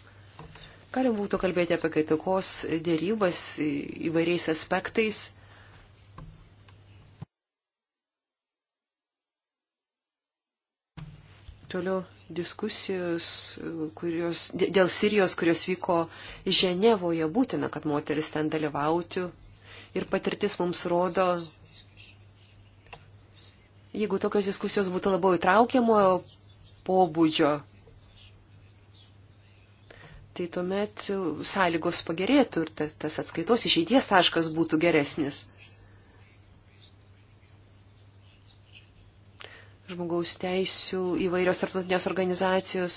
Galim būtų kalbėti apie kaitakos dėrybas įvairiais aspektais. Toliau diskusijos kurios, dėl Sirijos, kurios vyko Ženevoje, būtina, kad moteris ten dalyvautų, ir patirtis mums rodo, jeigu tokios diskusijos būtų labiau įtraukiamojo pobūdžio, tai tuomet sąlygos pagerėtų ir tas atskaitos išeities taškas būtų geresnis. Žmogaus teisų įvairios tarptautinės organizacijos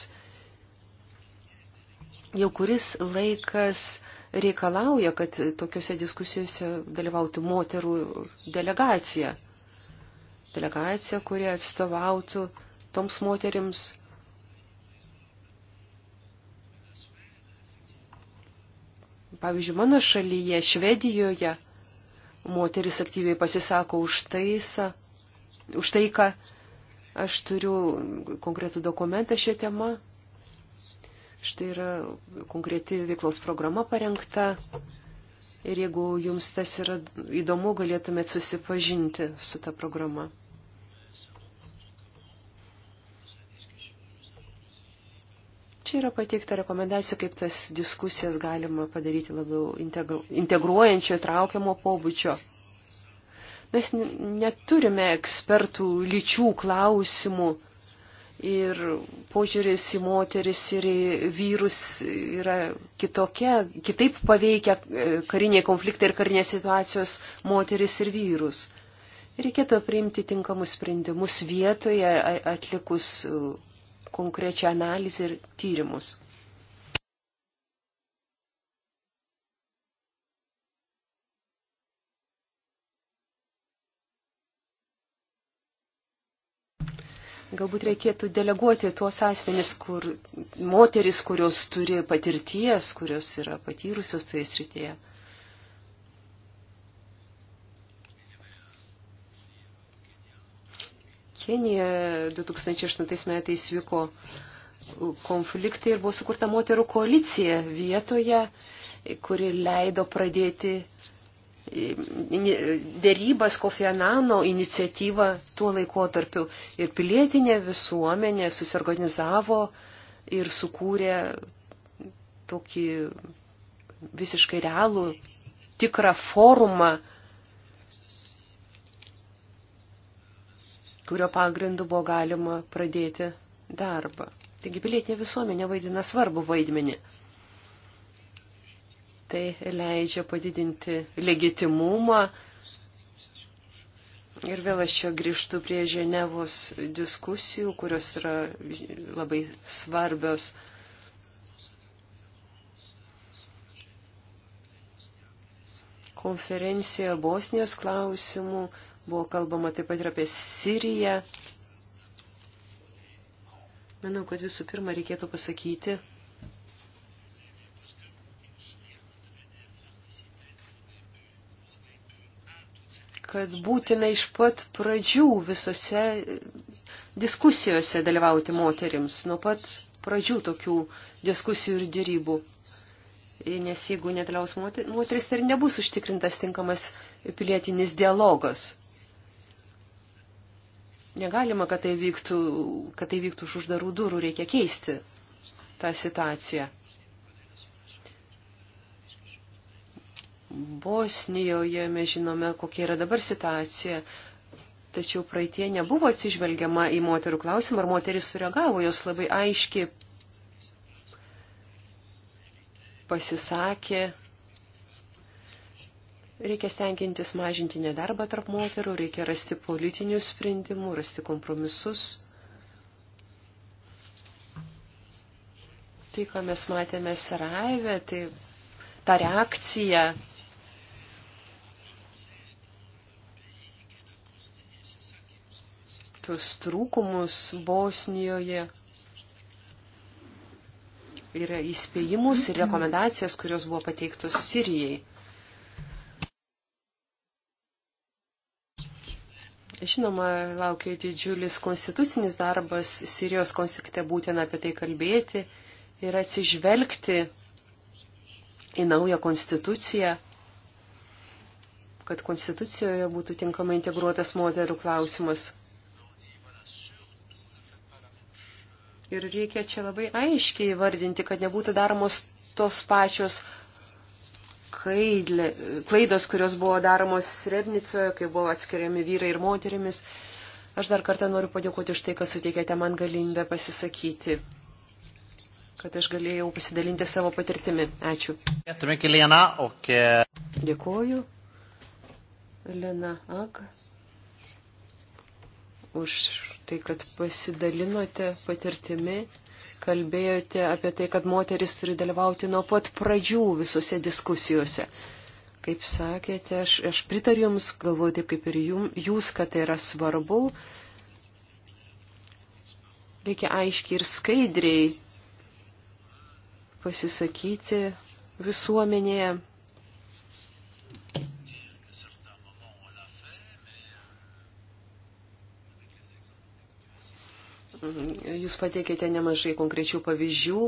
jau kuris laikas reikalauja, kad tokiuose diskusijose dalyvautų moterų delegacija. Delegacija, kurie atstovautų toms moterims, pavyzdžiui, mano šalyje, Švedijoje, moteris aktyviai pasisako už, taisą, už taiką. Aš turiu konkretų dokumentą šią temą. Štai yra konkreti veiklos programa parengta. Ir jeigu jums tas yra įdomu, galėtumėt susipažinti su ta programa. Čia yra pateikta rekomendacija, kaip tas diskusijas galima padaryti labiau integru, integruojančio, traukiamo pobūdžio. Mes neturime ekspertų lyčių klausimų ir požiūris į moteris ir į vyrus yra kitokia, kitaip paveikia e, kariniai konfliktai ir karinės situacijos moteris ir vyrus. Reikėtų priimti tinkamus sprendimus vietoje, atlikus e, konkrečią analizę ir tyrimus. Galbūt reikėtų deleguoti tuos asmenis, kur moteris, kurios turi patirties, kurios yra patyrusios toje srityje. Kenijoje 2008 metais vyko konfliktai ir buvo sukurta moterų koalicija vietoje, kuri leido pradėti dėrybas Kofianano iniciatyvą tuo laikotarpiu. Ir pilietinė visuomenė susiorganizavo ir sukūrė tokį visiškai realų, tikrą forumą, kurio pagrindu buvo galima pradėti darbą. Taigi pilietinė visuomenė vaidina svarbu vaidmenį. Tai leidžia padidinti legitimumą. Ir vėl aš čia grįžtu prie Ženevos diskusijų, kurios yra labai svarbios. konferencijoje Bosnijos klausimų, buvo kalbama taip pat ir apie Siriją. Manau, kad visų pirma reikėtų pasakyti, kad būtina iš pat pradžių visose diskusijose dalyvauti moterims, nuo pat pradžių tokių diskusijų ir dėrybų. Nes jeigu nedalyvaus moteris, tai ir nebus užtikrintas tinkamas pilietinis dialogas. Negalima, kad tai vyktų, kad tai vyktų už uždarų durų, reikia keisti tą situaciją. Bosnijoje mes žinome, kokia yra dabar situacija. Tačiau praeitie nebuvo atsižvelgiama į moterų klausimą, ar moteris sureagavo, jos labai aiškiai pasisakė. Reikia stengintis mažinti nedarbą tarp moterų, reikia rasti politinių sprendimų, rasti kompromisus. Tai, ką mes matėme Sarajeve, tai ta reakcija tuos trūkumus Bosnijoje. Yra įspėjimus ir rekomendacijos, kurios buvo pateiktos Sirijai. Žinoma, laukia didžiulis konstitucinis darbas, Sirijos konstitute būtina apie tai kalbėti ir atsižvelgti į naują konstituciją, kad konstitucijoje būtų tinkamai integruotas moterų klausimas. Ir reikia čia labai aiškiai vardinti, kad nebūtų daromos tos pačios klaidlė, klaidos, kurios buvo daromos Srebnicoje, kai buvo atskiriami vyrai ir moterimis. Aš dar kartą noriu padėkoti už tai, kad suteikėte man galimybę pasisakyti, kad aš galėjau pasidalinti savo patirtimi. Ačiū. Dėkuoju, Lena eh, Ag, už tai, kad pasidalinote patirtimi, kalbėjote apie tai, kad moteris turi dalyvauti nuo pat pradžių visose diskusijose. Kaip sakėte, aš, aš pritariu Jums, galvoju taip kaip ir jum, Jūs, kad tai yra svarbu. Reikia aiškiai ir skaidriai pasisakyti visuomenėje, Jūs pateikėte nemažai konkrečių pavyzdžių,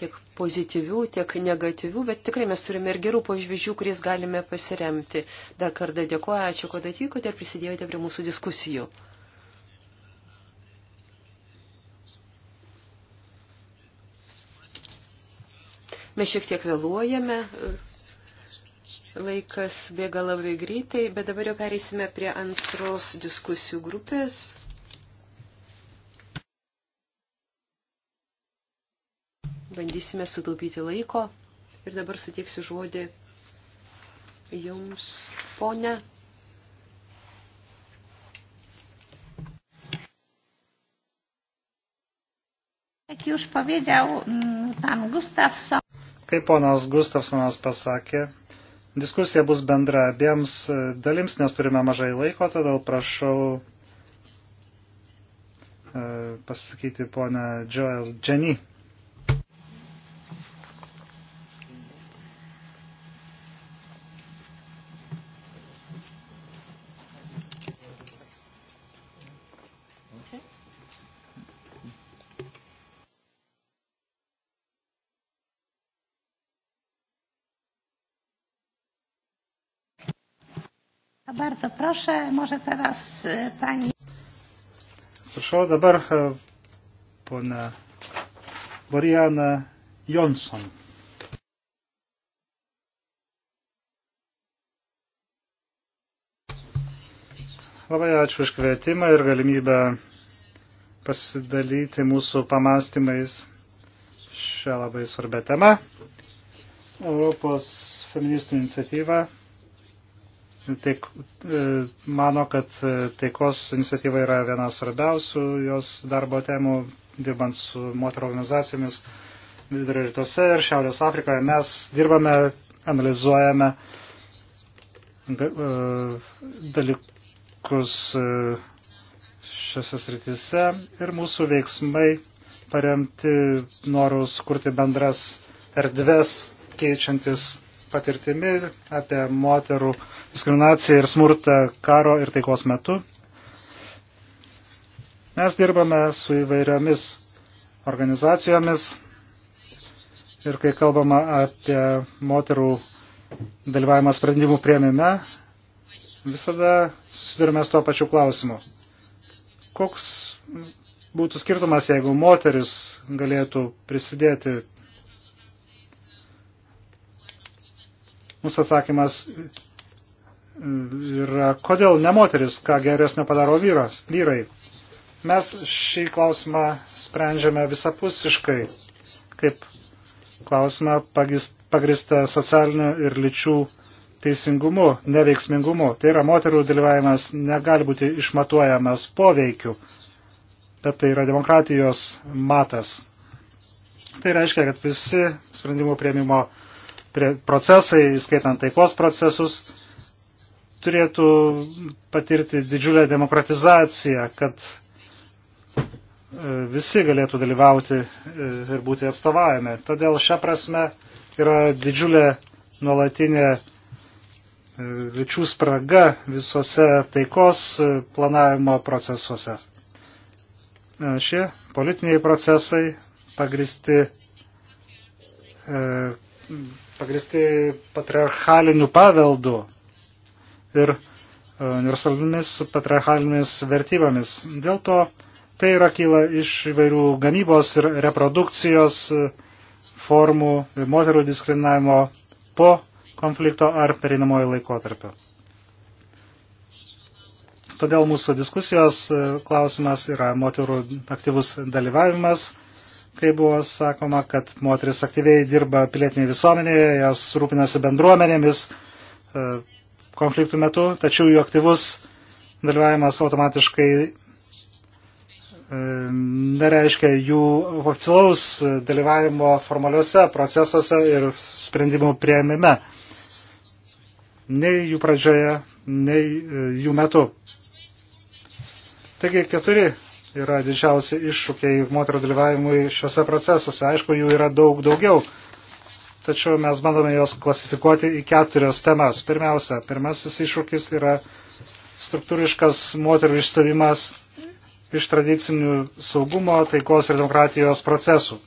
tiek pozityvių, tiek negatyvių, bet tikrai mes turime ir gerų pavyzdžių, kuriais galime pasiremti. Dar kartą dėkoju, ačiū, kad atvykote ir prisidėjote prie mūsų diskusijų. Mes šiek tiek vėluojame, Laikas bėga labai greitai, bet dabar jau pereisime prie antros diskusijų grupės. Bandysime sutaupyti laiko ir dabar suteiksiu žodį jums, ponė. Jak już powiedział pan Gustafsson. Kaip ponas Gustafsonas pasakė, Diskusija bus bendra abiems e, dalims, nes turime mažai laiko, todėl prašau e, pasakyti ponę Joel Jenny. proszę, może teraz e, pani. Prašau dabar e, ponia Borijana Jonsson. Labai ačiū už kvietimą ir galimybę pasidalyti mūsų pamastymais šią labai svarbę temą. Europos feministų iniciatyva taik, e, mano, kad e, taikos iniciatyva yra viena svarbiausių jos darbo temų, dirbant su moterų organizacijomis vidurio rytuose ir Šiaurės Afrikoje. Mes dirbame, analizuojame e, dalykus šiose srityse ir mūsų veiksmai paremti noru sukurti bendras erdves keičiantis patirtimi apie moterų uh, diskriminaciją ir smurtą karo ir taikos metu. Mes dirbame su įvairiomis organizacijomis ir kai kalbama apie moterų dalyvavimą sprendimų prieimime, visada susidurime su tuo pačiu klausimu. Koks būtų skirtumas, jeigu moteris galėtų prisidėti? Mūsų atsakymas yra, kodėl ne moteris, ką geresnio padaro vyras, vyrai. Mes šį klausimą sprendžiame visapusiškai, kaip klausimą pagristą socialiniu ir lyčių teisingumu, neveiksmingumu. Tai yra moterų dalyvavimas negali būti išmatuojamas poveikiu, bet tai yra demokratijos matas. Tai reiškia, kad visi sprendimų prieimimo procesai, įskaitant taikos procesus, turėtų patirti didžiulę demokratizaciją, kad e, visi galėtų dalyvauti e, ir būti atstovavime. Todėl šią prasme yra didžiulė nuolatinė e, lyčių spraga visose taikos planavimo procesuose. Šie politiniai procesai pagristi, pagristi patriarchaliniu paveldu ir e, universalinėmis patriarchalinėmis vertybėmis. Dėl to tai yra kyla iš įvairių gamybos ir reprodukcijos e, formų ir moterų diskriminavimo po konflikto ar perinamojo laikotarpio. Todėl mūsų diskusijos e, klausimas yra moterų aktyvus dalyvavimas, kai buvo sakoma, kad moteris aktyviai dirba pilietinėje visuomenėje, jas rūpinasi bendruomenėmis, konfliktų metu, tačiau jų aktyvus dalyvavimas automatiškai e, nereiškia jų oficialaus dalyvavimo formaliuose procesuose ir sprendimų prieimime. Nei jų pradžioje, nei e, jų metu. Taigi keturi yra didžiausi iššūkiai moterų dalyvavimui šiuose procesuose. Aišku, jų yra daug daugiau tačiau mes bandome juos klasifikuoti į keturias temas. Pirmiausia, pirmasis iššūkis yra struktūriškas moterų išstovimas iš tradicinių saugumo, taikos ir demokratijos procesų.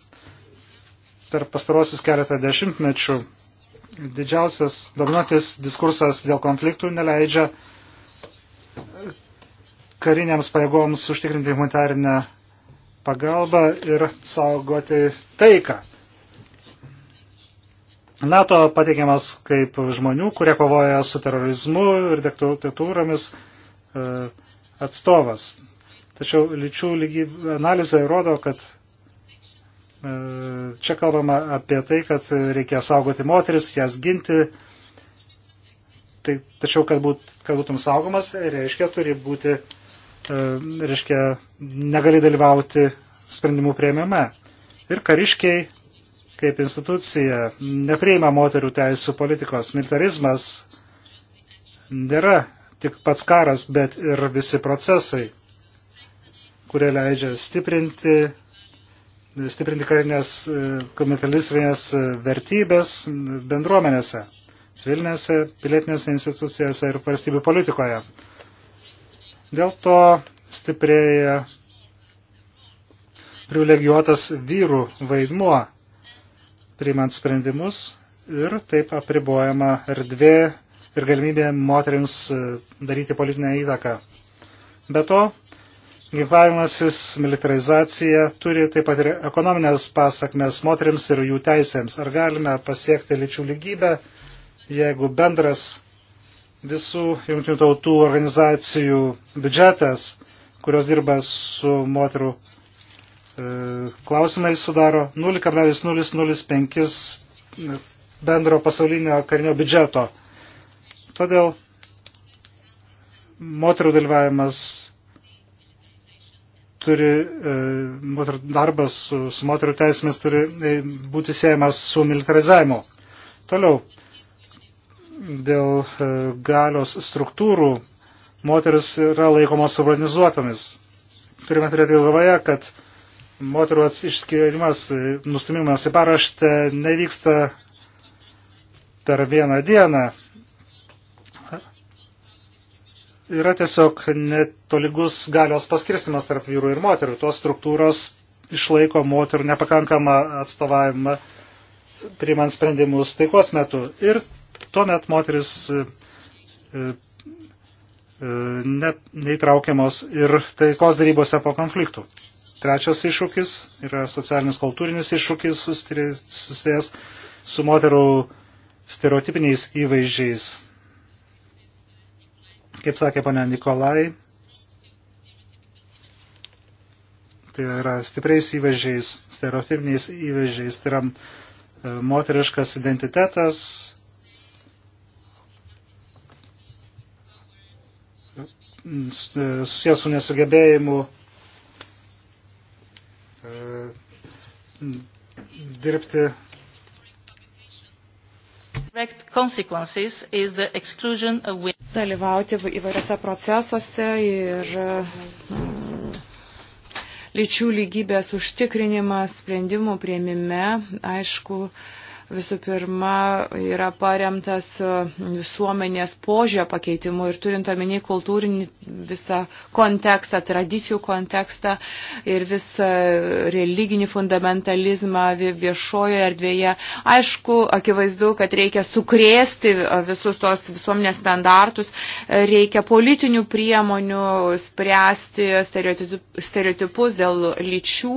Per pastarosius keletą dešimtmečių didžiausias dominuotis diskursas dėl konfliktų neleidžia kariniams pajėgoms užtikrinti humanitarinę pagalbą ir saugoti taiką. NATO pateikiamas kaip žmonių, kurie kovoja su terorizmu ir diktatūromis e, atstovas. Tačiau lyčių lygybė analizė rodo, kad e, čia kalbama apie tai, kad reikia saugoti moteris, jas ginti. Tai, tačiau, kad, būt, kad būtum saugomas, reiškia, turi būti, e, reiškia, negali dalyvauti sprendimų prieimime. Ir kariškiai kaip institucija nepriima moterų teisų politikos. Militarizmas nėra tik pats karas, bet ir visi procesai, kurie leidžia stiprinti, stiprinti karinės e, komitalistinės e, vertybės bendruomenėse, civilinėse, pilietinėse institucijose ir valstybių politikoje. Dėl to stiprėja privilegijuotas vyrų vaidmuo priimant sprendimus ir taip apribojama erdvė ir galimybė moteriams e, daryti politinę įtaką. Be to, ginklavimasis, militarizacija turi taip pat ir ekonominės pasakmes moteriams ir jų teisėms. Ar galime pasiekti lyčių lygybę, jeigu bendras visų jungtinių tautų organizacijų biudžetas, kurios dirba su moterų E, klausimai sudaro 0,005 bendro pasaulinio karinio biudžeto. Todėl moterų dalyvavimas turi, e, moterų darbas su, su moterų teisėmis turi e, būti siejamas su militarizavimu. Toliau, dėl galios struktūrų moteris yra laikomos subranizuotomis. Turime turėti galvoje, kad moterų išskirimas, e, nustumimas į paraštę nevyksta per vieną dieną. Yra tiesiog netoligus galios paskirstimas tarp vyrų ir moterų. Tos struktūros išlaiko moterų nepakankamą atstovavimą priimant sprendimus taikos metu. Ir tuomet moteris e, e, neįtraukiamos ir taikos darybose po konfliktų. Trečias iššūkis yra socialinis kultūrinis iššūkis susijęs su moterų stereotipiniais įvaizdžiais. Kaip sakė ponia Nikolai, tai yra stipriais įvaizdžiais, stereotipiniais įvaizdžiais, tai yra e, moteriškas identitetas, e, susijęs su nesugebėjimu dirbti. Dalyvauti įvairiose procesuose ir mm, lyčių lygybės užtikrinimas sprendimų prieimime, aišku, uh, visų pirma yra paremtas e, visuomenės požio pakeitimu ir turint omeny kultūrinį visą kontekstą, tradicijų kontekstą ir visą religinį fundamentalizmą viešojoje erdvėje. Aišku, akivaizdu, kad reikia sukrėsti e, visus tos visuomenės standartus, e, reikia politinių priemonių spręsti stereotipus dėl lyčių,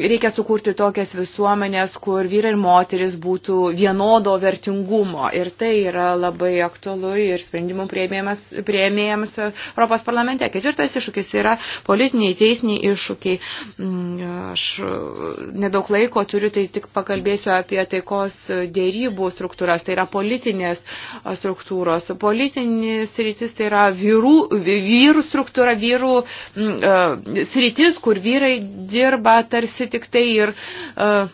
reikia sukurti tokias visuomenės, kur vyrai ir moteris būtų būtų vienodo vertingumo. Ir tai yra labai aktualu ir sprendimų prieimėjams Europos parlamente. Ketvirtas iššūkis yra politiniai, teisiniai iššūkiai. Mm, aš nedaug laiko turiu, tai tik pakalbėsiu apie taikos dėrybų struktūras. Tai yra politinės struktūros. Politinis rytis tai yra vyrų, vyrų struktūra, vyrų uh, sritis, kur vyrai dirba tarsi tik tai ir uh,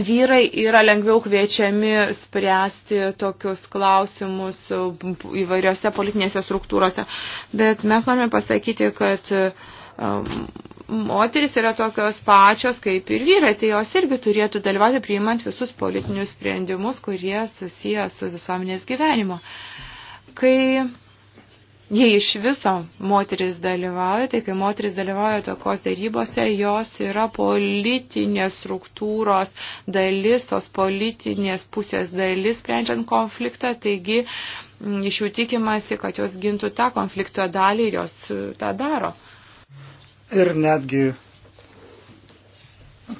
Vyrai yra lengviau kviečiami spręsti tokius klausimus įvairiose politinėse struktūrose, bet mes norime pasakyti, kad um, moteris yra tokios pačios kaip ir vyrai, tai jos irgi turėtų dalyvauti priimant visus politinius sprendimus, kurie susiję su visuomenės gyvenimo. Kai jei iš viso moteris dalyvauja, tai kai moteris dalyvauja tokios darybose, jos yra politinės struktūros dalis, tos politinės pusės dalis, sprendžiant konfliktą, taigi mm, iš jų tikimasi, kad jos gintų tą konflikto dalį ir jos e, tą daro. Ir netgi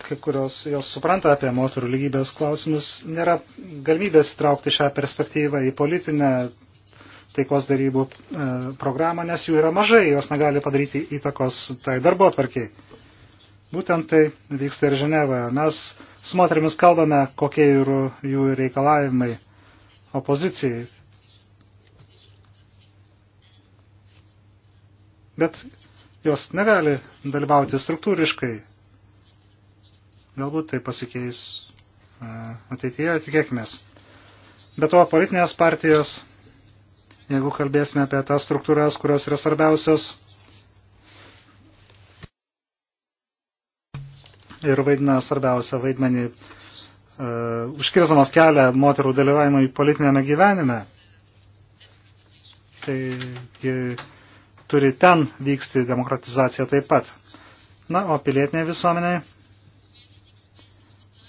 kai kurios jos supranta apie moterų lygybės klausimus, nėra galimybės traukti šią perspektyvą į politinę taikos darybų e, programą, nes jų yra mažai, jos negali padaryti įtakos tai darbo atvarkiai. Būtent tai vyksta ir Ženevoje. Mes su moterimis kalbame, kokie yra jų reikalavimai opozicijai. Bet jos negali dalyvauti struktūriškai. Galbūt tai pasikeis e, ateityje, tikėkime. Be to, politinės partijos jeigu kalbėsime apie tas struktūras, kurios yra svarbiausios ir vaidina svarbiausią vaidmenį, uh, e, užkirzamas kelią moterų dalyvavimui politinėme gyvenime, tai ji turi ten vyksti demokratizacija taip pat. Na, o pilietinė visuomenė,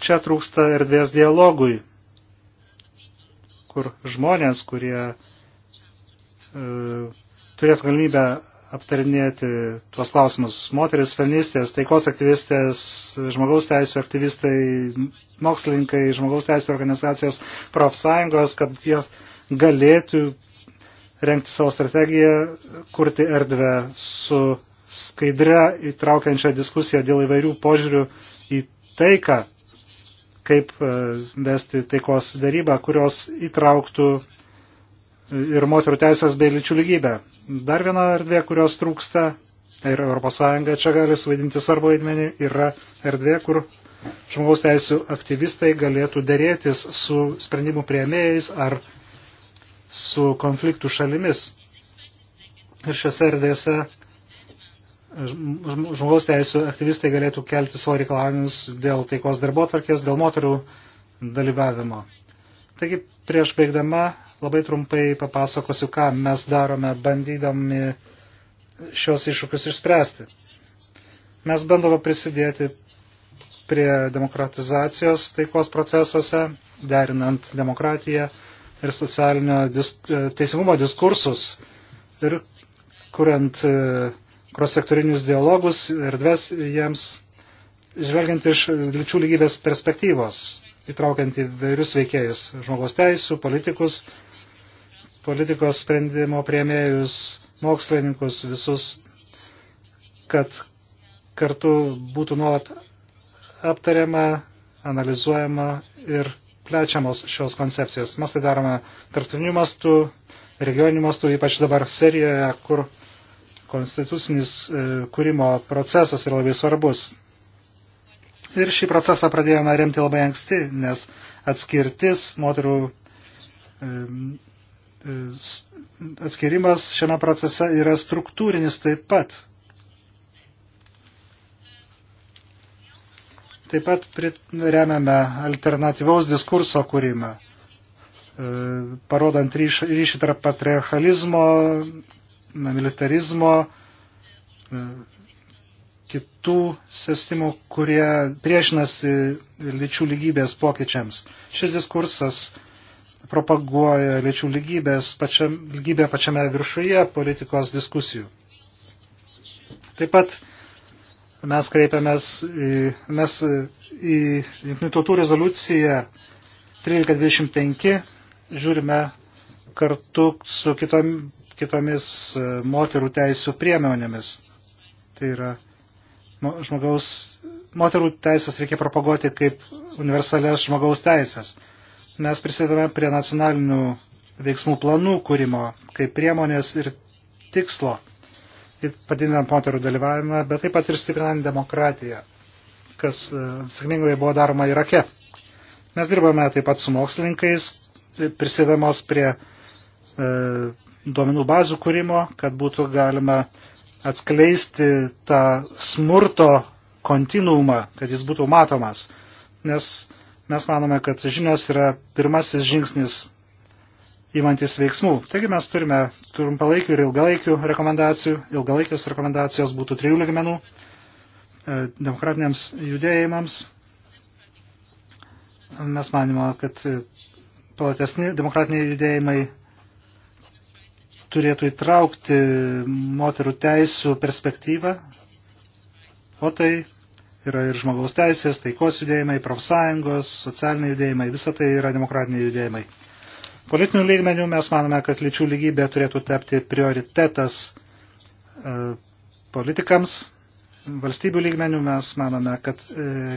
čia trūksta erdvės dialogui, kur žmonės, kurie uh, E, turėtų galimybę aptarinėti tuos klausimus. Moteris, feministės, taikos aktyvistės, žmogaus teisų aktyvistai, mokslininkai, žmogaus teisų organizacijos, profsąjungos, kad jie galėtų renkti savo strategiją, kurti erdvę su skaidrę įtraukiančią diskusiją dėl įvairių požiūrių į taiką, kaip e, vesti taikos darybą, kurios įtrauktų ir moterų teisės bei lyčių lygybę. Dar viena erdvė, kurios trūksta ir tai ES čia gali suvaidinti svarbu vaidmenį, yra erdvė, kur žmogaus teisų aktyvistai galėtų dėrėtis su sprendimų prieimėjais ar su konfliktų šalimis. Ir šiose erdvėse žmogaus teisų aktyvistai galėtų kelti savo reikalavimus dėl taikos darbo tvarkės, dėl moterų dalyvavimo. Taigi, prieš baigdama Labai trumpai papasakosiu, ką mes darome bandydami šios iššūkius išspręsti. Mes bandome prisidėti prie demokratizacijos taikos procesuose, derinant demokratiją ir socialinio disk, teisingumo diskursus ir kuriant krosektorinius e, dialogus ir dves jiems, žvelgiant iš lyčių lygybės perspektyvos, įtraukiant įvairius veikėjus, žmogaus teisų, politikus, politikos sprendimo prieimėjus, mokslininkus visus, kad kartu būtų nuolat aptariama, analizuojama ir plečiamos šios koncepcijos. Mes tai darome tarptautiniu mastu, regioniniu mastu, ypač dabar serijoje, kur konstitucinis e, kūrimo procesas yra labai svarbus. Ir šį procesą pradėjome remti labai anksti, nes atskirtis moterų e, E, atskirimas šiame procese yra struktūrinis taip pat. Taip pat remiame alternatyvaus diskurso kūrimą, e, parodant ryšį tarp patriarchalizmo, militarizmo, e, kitų sistemų, kurie priešinasi lyčių lygybės pokyčiams. Šis diskursas propaguoja lyčių lygybės pačiam, lygybę pačiame viršuje politikos diskusijų. Taip pat mes kreipiamės į, mes į Junktinių tautų rezoliuciją 1325 žiūrime kartu su kitom, kitomis e, moterų teisų priemonėmis. Tai yra žmogaus, moterų teisės reikia propaguoti kaip universalias žmogaus teisės mes prisidame prie nacionalinių veiksmų planų kūrimo, kaip priemonės ir tikslo, padidinant moterų dalyvavimą, bet taip pat ir stiprinant demokratiją, kas e, sėkmingai buvo daroma Irake. Mes dirbame taip pat su mokslininkais, e, prisidamos prie e, duomenų bazų kūrimo, kad būtų galima atskleisti tą smurto kontinuumą, kad jis būtų matomas. Nes e, mes manome, kad žinios yra pirmasis žingsnis įmantis veiksmų. Taigi mes turime trumpalaikių ir ilgalaikių rekomendacijų. Ilgalaikės rekomendacijos būtų trijų ligmenų e, demokratiniams judėjimams. Mes manimo, kad e, platesni demokratiniai judėjimai turėtų įtraukti moterų teisų perspektyvą, o tai Yra ir žmogaus teisės, taikos judėjimai, profsąjungos, socialiniai judėjimai, visa tai yra demokratiniai judėjimai. Politinių lygmenių mes manome, kad lyčių lygybė turėtų tapti prioritetas e, politikams. Valstybių lygmenių mes manome, kad e,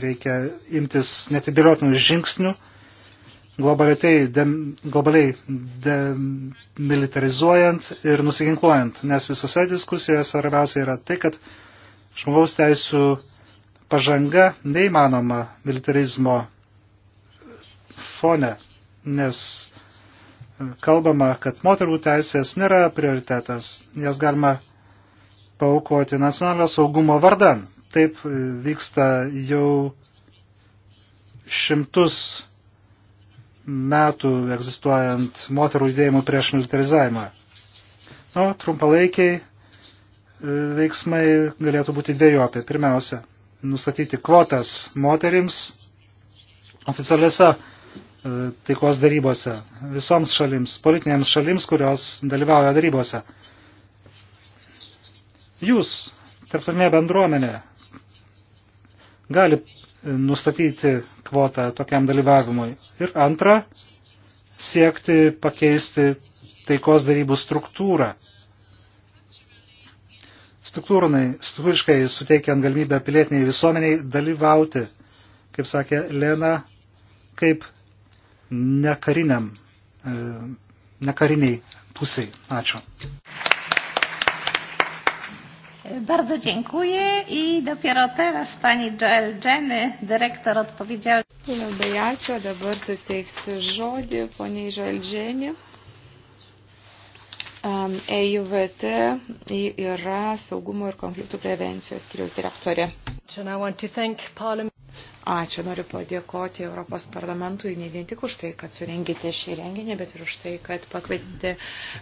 reikia imtis netidėliotinų žingsnių, globaliai, de, globaliai demilitarizuojant ir nusiginkluojant, nes visose diskusijose svarbiausia yra tai, kad žmogaus teisų pažanga neįmanoma militarizmo fone, nes kalbama, kad moterų teisės nėra prioritetas, jas galima paukoti nacionalinio saugumo vardan. Taip e, vyksta jau šimtus metų egzistuojant moterų judėjimų prieš militarizavimą. Nu, trumpalaikiai e, veiksmai galėtų būti dviejopi. Pirmiausia, nustatyti kvotas moterims oficialiuose e, taikos darybose, visoms šalims, politinėms šalims, kurios dalyvauja darybose. Jūs, tarptautinė bendruomenė, gali e, nustatyti kvotą tokiam dalyvavimui. Ir antra, siekti pakeisti taikos darybų struktūrą struktūriškai suteikiant galimybę pilietiniai visuomeniai dalyvauti, kaip sakė Lena, kaip nekariniam, e, nekariniai pusiai. Ačiū. Bardzo dziękuję i dopiero teraz pani Joel Jenny, dyrektor odpowiedzialny. Labai ačiū, dabar suteiksiu žodį poniai Joel Jenny. EIVT e yra saugumo ir konfliktų prevencijos skiriaus direktorė. Ačiū, noriu padėkoti Europos parlamentui ne vien tik už tai, kad surengėte šį renginį, bet ir už tai, kad pakvietėte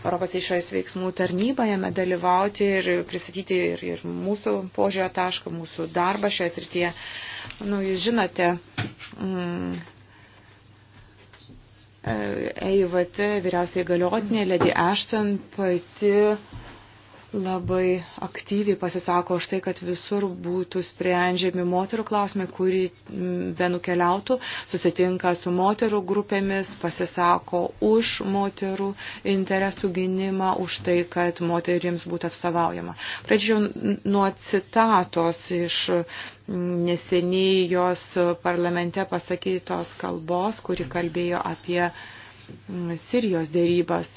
Europos išorės veiksmų tarnybą jame dalyvauti ir pristatyti ir, ir mūsų požiūrio tašką, mūsų darbą šioje srityje. Nu, jūs žinote, mm, EIVT e vyriausiai galiotinė Ledi Ashton pati labai aktyviai pasisako už tai, kad visur būtų sprendžiami moterų klausimai, kuri mm, benukeliautų, susitinka su moterų grupėmis, pasisako už moterų interesų gynimą, už tai, kad moterims būtų atstovaujama. Pradžiau nuo citatos iš mm, neseniai jos parlamente pasakytos kalbos, kuri kalbėjo apie mm, Sirijos dėrybas.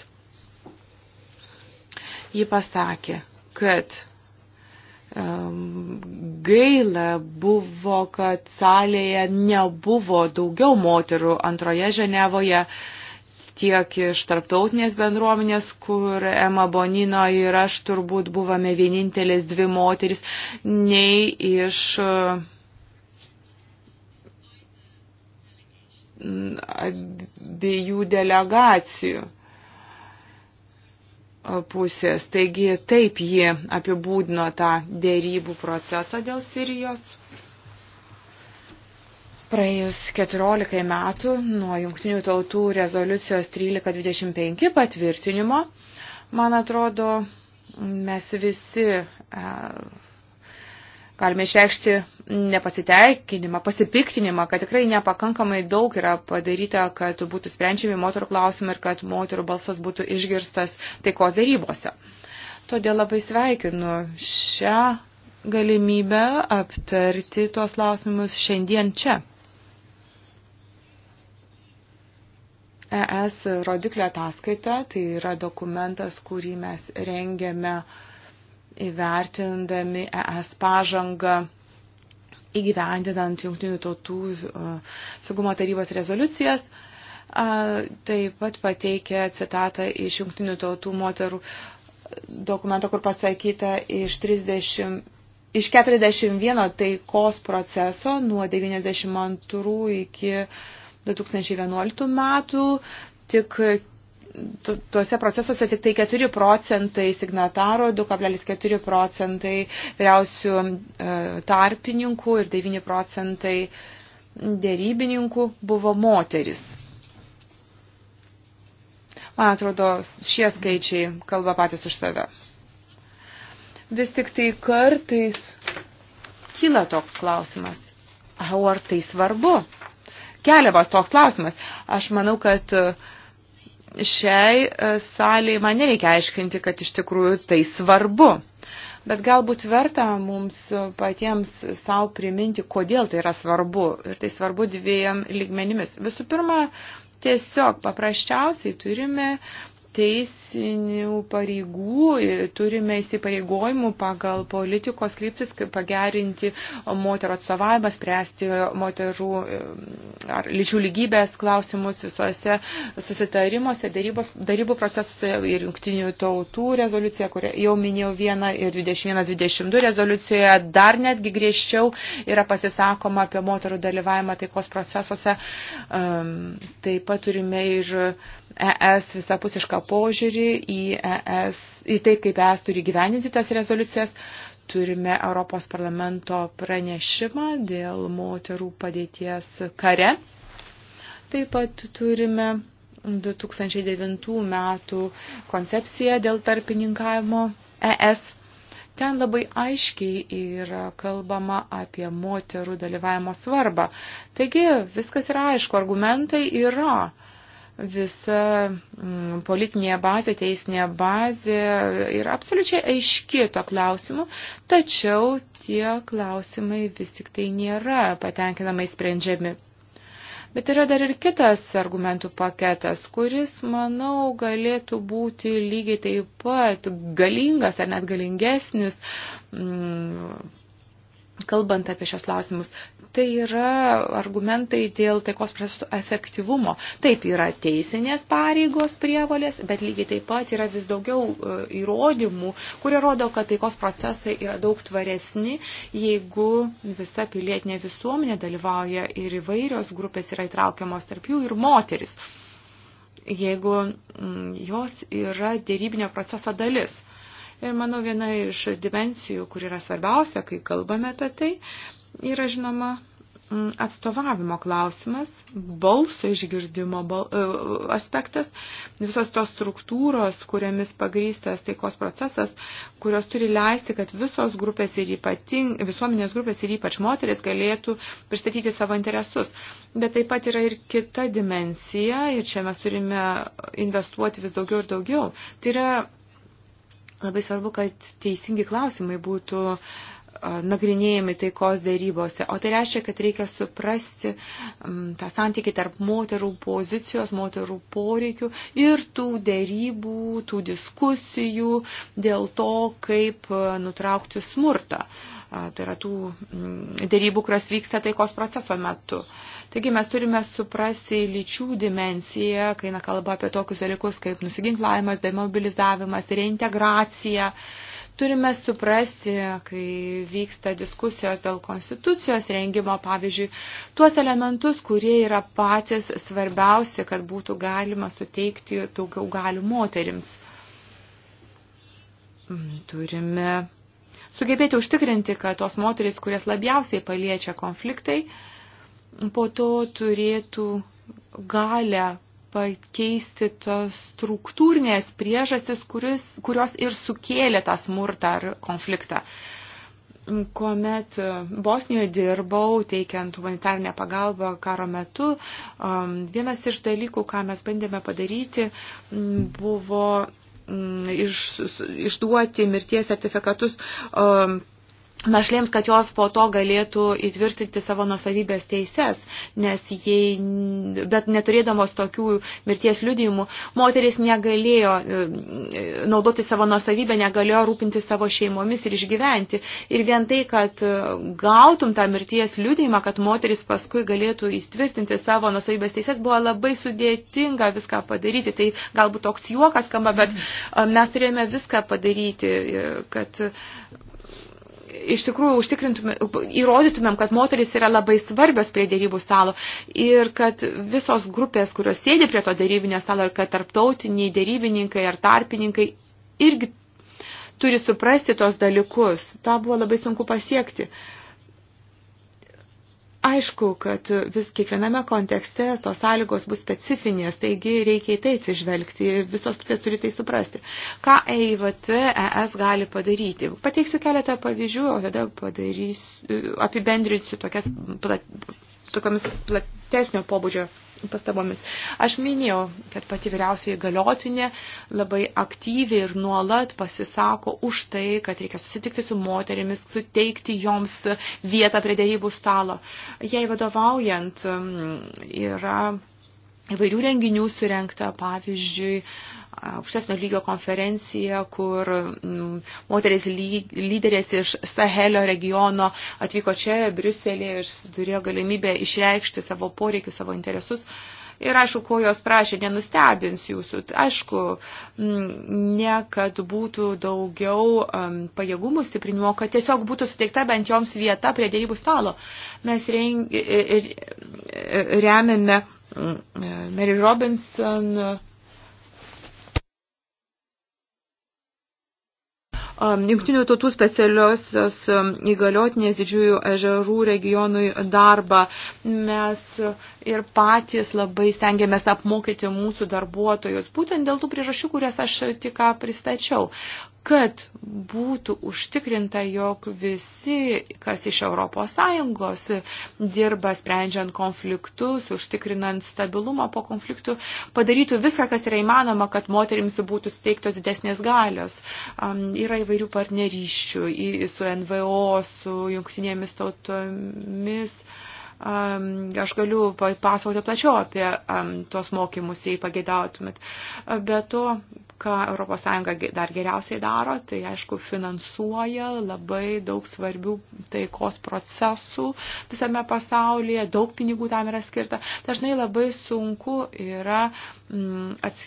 Ji pasakė, kad gaila buvo, kad salėje nebuvo daugiau moterų antroje Ženevoje tiek iš tarptautinės bendruomenės, kur Ema Bonino ir aš turbūt buvome vienintelės dvi moteris, nei iš mm, abiejų delegacijų pusės. Taigi taip ji apibūdino tą dėrybų procesą dėl Sirijos. Praėjus 14 metų nuo Junktinių tautų rezoliucijos 1325 patvirtinimo, man atrodo, mes visi e, galime išreikšti nepasiteikinimą, pasipiktinimą, kad tikrai nepakankamai daug yra padaryta, kad būtų sprendžiami moterų klausimai ir kad moterų balsas būtų išgirstas taikos darybose. Todėl labai sveikinu šią galimybę aptarti tuos klausimus šiandien čia. ES rodiklio ataskaita, tai yra dokumentas, kurį mes rengiame uh, įvertindami ES pažangą įgyvendinant jungtinių tautų e, saugumo tarybos rezoliucijas. Taip pat pateikė citatą iš jungtinių tautų moterų e, dokumento, kur pasakyta iš 30 iš 41 taikos proceso nuo 92 iki 2011 metų tik tuose procesuose tik tai 4 procentai signataro, 2,4 procentai vyriausių e, tarpininkų ir 9 procentai dėrybininkų buvo moteris. Man atrodo, šie skaičiai kalba patys už save. Vis tik tai kartais kyla toks klausimas. Au, ar tai svarbu? Keliamas toks klausimas. Aš manau, kad uh, šiai e, saliai man nereikia aiškinti, kad iš tikrųjų tai svarbu. Bet galbūt verta mums patiems savo priminti, kodėl tai yra svarbu. Ir tai svarbu dviem lygmenimis. Visų pirma, tiesiog paprasčiausiai turime teisinių pareigų, turime įsipareigojimų pagal politikos kryptis pagerinti moterų atstovavimą, spręsti moterų ar lyčių lygybės klausimus visuose susitarimuose, darybos, darybų procesuose ir jungtinių tautų rezoliucija, kurią jau minėjau vieną ir 21-22 rezoliucijoje, dar netgi griežčiau yra pasisakoma apie moterų dalyvavimą taikos procesuose. Taip pat turime ir ES visapusišką požiūrį į, ES, į tai, kaip ES turi gyveninti tas rezoliucijas. Turime Europos parlamento pranešimą dėl moterų padėties kare. Taip pat turime 2009 metų koncepciją dėl tarpininkavimo ES. Ten labai aiškiai yra kalbama apie moterų dalyvavimo svarbą. Taigi viskas yra aišku, argumentai yra visa mm, politinė bazė, teisinė bazė yra absoliučiai aiški to klausimu, tačiau tie klausimai vis tik tai nėra patenkinamai sprendžiami. Bet yra dar ir kitas argumentų paketas, kuris, manau, galėtų būti lygiai taip pat galingas ar net galingesnis mm, kalbant apie šios klausimus, tai yra argumentai dėl taikos proceso efektyvumo. Taip yra teisinės pareigos prievalės, bet lygiai taip pat yra vis daugiau e, įrodymų, kurie rodo, kad taikos procesai yra daug tvaresni, jeigu visa pilietinė visuomenė dalyvauja ir įvairios grupės yra įtraukiamos tarp jų ir moteris, jeigu jos yra dėrybinio proceso dalis. Ir manau, viena iš dimensijų, kur yra svarbiausia, kai kalbame apie tai, yra žinoma mm, atstovavimo klausimas, balso išgirdimo bal, e, aspektas, visos tos struktūros, kuriamis pagrystas taikos procesas, kurios turi leisti, kad visos grupės ir ypating, visuomenės grupės ir ypač moteris galėtų pristatyti savo interesus. Bet taip pat yra ir kita dimensija ir čia mes turime investuoti vis daugiau ir daugiau. Tai yra Labai svarbu, kad teisingi klausimai būtų nagrinėjami taikos dėrybose. O tai reiškia, kad reikia suprasti um, tą santykį tarp moterų pozicijos, moterų poreikių ir tų dėrybų, tų diskusijų dėl to, kaip nutraukti smurtą. Uh, tai yra tų mm, dėrybų, kurios vyksta taikos proceso metu. Taigi mes turime suprasti lyčių dimenciją, kai na, kalba apie tokius dalykus kaip nusiginklavimas, demobilizavimas, reintegracija. Turime suprasti, kai vyksta diskusijos dėl konstitucijos rengimo, pavyzdžiui, tuos elementus, kurie yra patys svarbiausi, kad būtų galima suteikti daugiau galių moterims. Mm, turime sugebėti užtikrinti, kad tos moteris, kurias labiausiai paliečia konfliktai, po to turėtų galę pakeisti tas struktūrinės priežastis, kuris, kurios ir sukėlė tą smurtą ar konfliktą. Kuomet e, Bosnijoje dirbau, teikiant humanitarnę pagalbą karo metu, e, vienas iš dalykų, ką mes bandėme padaryti, buvo Mm, iš, išduoti mirties sertifikatus. Um, našlėms, kad jos po to galėtų įtvirtinti savo nusavybės teises, nes jei, bet neturėdamos tokių mirties liudijimų, moteris negalėjo e, e, naudoti savo nusavybę, negalėjo rūpinti savo šeimomis ir išgyventi. Ir vien tai, kad e, gautum tą mirties liudijimą, kad moteris paskui galėtų įtvirtinti savo nusavybės teises, buvo labai sudėtinga viską padaryti. Tai galbūt toks juokas skamba, bet mes turėjome viską padaryti, kad iš tikrųjų užtikrintumėm, įrodytumėm, kad moteris yra labai svarbios prie dėrybų stalo ir kad visos grupės, kurios sėdi prie to dėrybinio stalo ir kad tarptautiniai dėrybininkai ar tarpininkai irgi turi suprasti tos dalykus. Ta buvo labai sunku pasiekti. Uh, Aišku, kad vis kiekviename kontekste tos sąlygos bus specifinės, taigi reikia į tai atsižvelgti ir visos pusės turi tai suprasti. Ką EIVT ES gali padaryti? Pateiksiu keletą pavyzdžių, o tada padarysiu, e, apibendrinsiu tokias, plat, tokiamis platesnio pobūdžio pastabomis. Aš minėjau, kad pati vyriausiai galiotinė labai aktyviai ir nuolat pasisako už tai, kad reikia susitikti su moterimis, suteikti joms vietą prie dėrybų stalo. Jei vadovaujant mm, yra įvairių renginių surenkta, pavyzdžiui, aukštesnio lygio konferencija, kur mm, moteris lyderės iš Sahelio regiono atvyko čia, Briuselėje, ir turėjo galimybę išreikšti savo poreikius, savo interesus. Ir aišku, ko jos prašė, nenustebins jūsų. Aišku, mm, ne kad būtų daugiau um, pajėgumų stiprinimo, kad tiesiog būtų suteikta bent joms vieta prie dėrybų stalo. Mes reng, e-, e-, e-, remiame Mary Robinson jungtinių tautų specialiosios įgaliotinės didžiųjų ežerų regionui darbą. Mes e, ir patys labai stengiamės apmokyti mūsų darbuotojus, būtent dėl tų priežasčių, kurias aš tik ką pristačiau kad būtų užtikrinta, jog visi, kas iš ES dirba sprendžiant konfliktus, užtikrinant stabilumą po konfliktų, padarytų viską, kas yra įmanoma, kad moterims būtų suteiktos didesnės galios. Um, yra įvairių partnerysčių į, su NVO, su jungtinėmis tautomis. Um, aš galiu pasakoti plačiau apie um, tuos mokymus, jei pagėdautumėt. Be to, ką ES dar geriausiai daro, tai aišku finansuoja labai daug svarbių taikos procesų visame pasaulyje, daug pinigų tam yra skirta. Dažnai labai sunku yra m, mm, ats,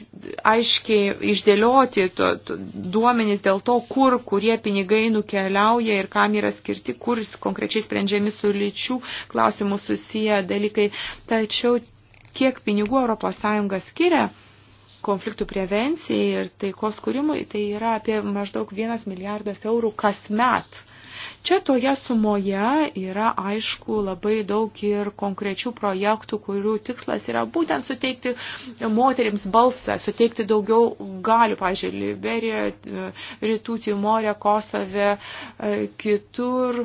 aiškiai išdėlioti to, to, duomenys dėl to, kur, kurie pinigai nukeliauja ir kam yra skirti, kur konkrečiai sprendžiami su lyčių klausimų susiję dalykai. Tačiau kiek pinigų ES skiria, konfliktų prevencijai ir taikos kūrimui, tai yra apie maždaug 1 milijardas eurų kasmet. Čia toje sumoje yra aišku labai daug ir konkrečių projektų, kurių tikslas yra būtent suteikti moteriams balsą, suteikti daugiau galių, pavyzdžiui, Liberijoje, Rytų Timorė, Kosove, e, kitur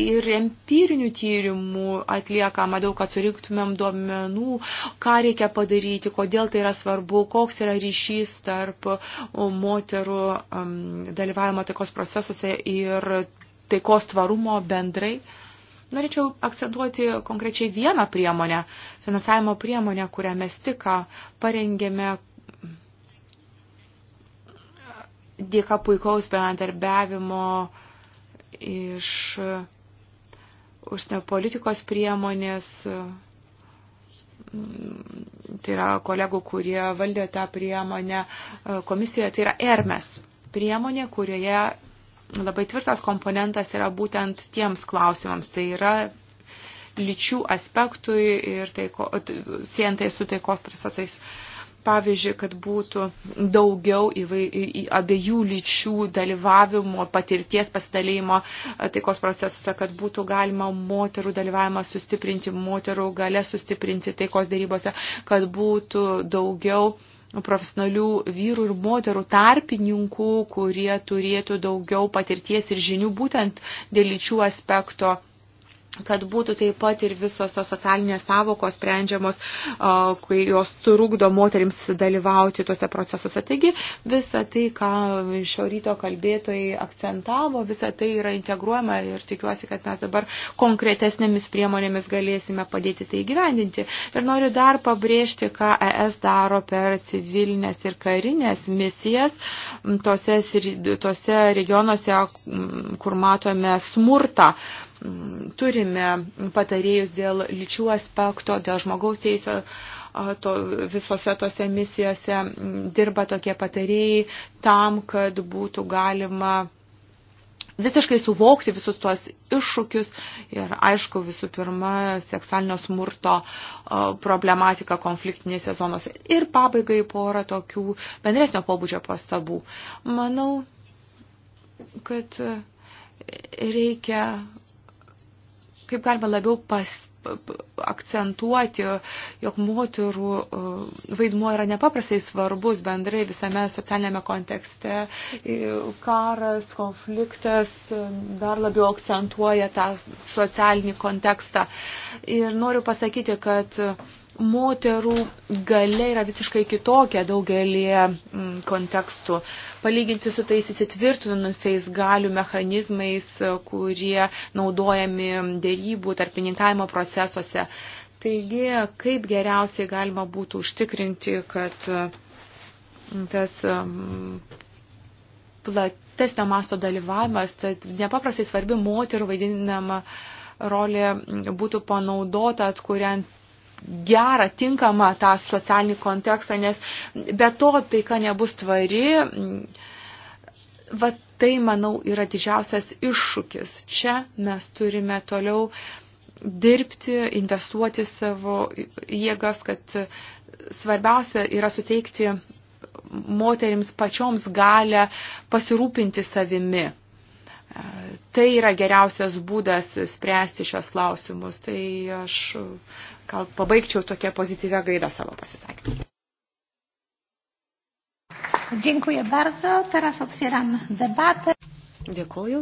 ir empirinių tyrimų atliekama daug, kad surinktumėm duomenų, ką reikia padaryti, kodėl tai yra svarbu, koks yra ryšys tarp um, moterų um, dalyvavimo taikos procesuose ir taikos tvarumo bendrai. Norėčiau akcentuoti konkrečiai vieną priemonę, finansavimo priemonę, kurią mes tik parengėme dėka puikaus bendarbiavimo iš užsienio politikos priemonės, tai yra kolegų, kurie valdė tą priemonę komisijoje, tai yra ERMES priemonė, kurioje labai tvirtas komponentas yra būtent tiems klausimams. Tai yra lyčių aspektui ir taiko, siejantai su taikos procesais. Uh, pavyzdžiui, kad būtų daugiau įvai, į abiejų lyčių dalyvavimo, patirties pasidalymo e, taikos procesuose, kad būtų galima moterų dalyvavimą sustiprinti, moterų gale sustiprinti taikos darybose, kad būtų daugiau profesionalių vyrų ir moterų tarpininkų, kurie turėtų daugiau patirties ir žinių būtent dėl lyčių aspekto kad būtų taip pat ir visos tos socialinės savokos sprendžiamos, kai jos trukdo moterims dalyvauti tuose procesuose. Taigi visa tai, ką šio ryto kalbėtojai akcentavo, visa tai yra integruojama ir tikiuosi, kad mes dabar konkretesnėmis priemonėmis galėsime padėti tai gyvendinti. Ir noriu dar pabrėžti, ką ES daro per civilinės ir karinės misijas tose, tose regionuose, kur matome smurtą Mm, turime patarėjus dėl lyčių aspekto, dėl žmogaus teisio to, visose tose misijose mm, dirba tokie patarėjai tam, kad būtų galima visiškai suvokti visus tuos iššūkius ir aišku visų pirma seksualinio smurto problematika konfliktinėse zonose. Ir pabaigai porą tokių bendresnio pobūdžio pastabų. Manau, kad reikia kaip galima labiau pas, akcentuoti, jog moterų e, vaidmuo yra nepaprastai svarbus bendrai visame socialinėme kontekste. E, karas, konfliktas e, dar labiau akcentuoja tą socialinį kontekstą. Ir noriu pasakyti, kad moterų gale yra visiškai kitokia daugelį mm, kontekstų. Palyginti su tais įsitvirtinusiais galių mechanizmais, kurie naudojami dėrybų tarpininkavimo procesuose. Taigi, kaip geriausiai galima būtų užtikrinti, kad mm, tas mm, platesnio masto dalyvavimas, tai nepaprastai svarbi moterų vaidinama rolė būtų panaudota atkuriant gerą, tinkamą tą socialinį kontekstą, nes be to taika nebus tvari. Va tai, manau, yra didžiausias iššūkis. Čia mes turime toliau dirbti, investuoti savo jėgas, kad svarbiausia yra suteikti moterims pačioms galę pasirūpinti savimi Tai yra geriausias būdas spręsti šios klausimus. Tai aš gal pabaigčiau tokią pozityvę gaidą savo pasisakymą. Dziękuję bardzo. Teraz otwieram debatę. Dėkuoju.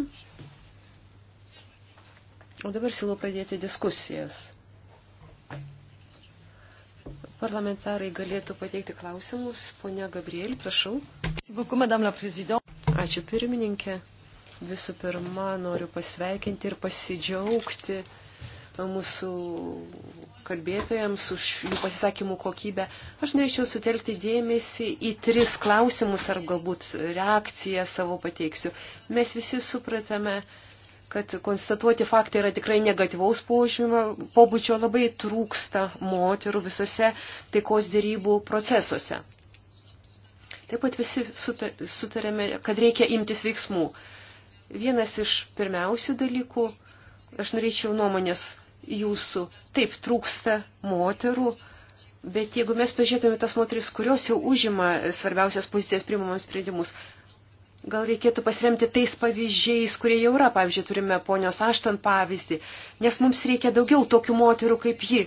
O dabar siūlau pradėti diskusijas. Parlamentarai galėtų pateikti klausimus. Pone Gabriel, prašau. Ačiū pirmininkė. Visų pirma, noriu pasveikinti ir pasidžiaugti mūsų kalbėtojams už jų pasisakymų kokybę. Aš norėčiau sutelkti dėmesį į tris klausimus ar galbūt reakciją savo pateiksiu. Mes visi supratame, kad konstatuoti faktai yra tikrai negatyvaus požymio, pobūdžio labai trūksta moterų visose taikos dėrybų procesuose. Taip pat visi sutarėme, kad reikia imtis veiksmų. Vienas iš pirmiausių dalykų, aš norėčiau nuomonės jūsų, taip trūksta moterų, bet jeigu mes pažiūrėtume tas moteris, kurios jau užima svarbiausias pozicijas priimamams sprendimus, Gal reikėtų pasiremti tais pavyzdžiais, kurie jau yra. Pavyzdžiui, turime ponios Aštan pavyzdį, nes mums reikia daugiau tokių moterų kaip ji,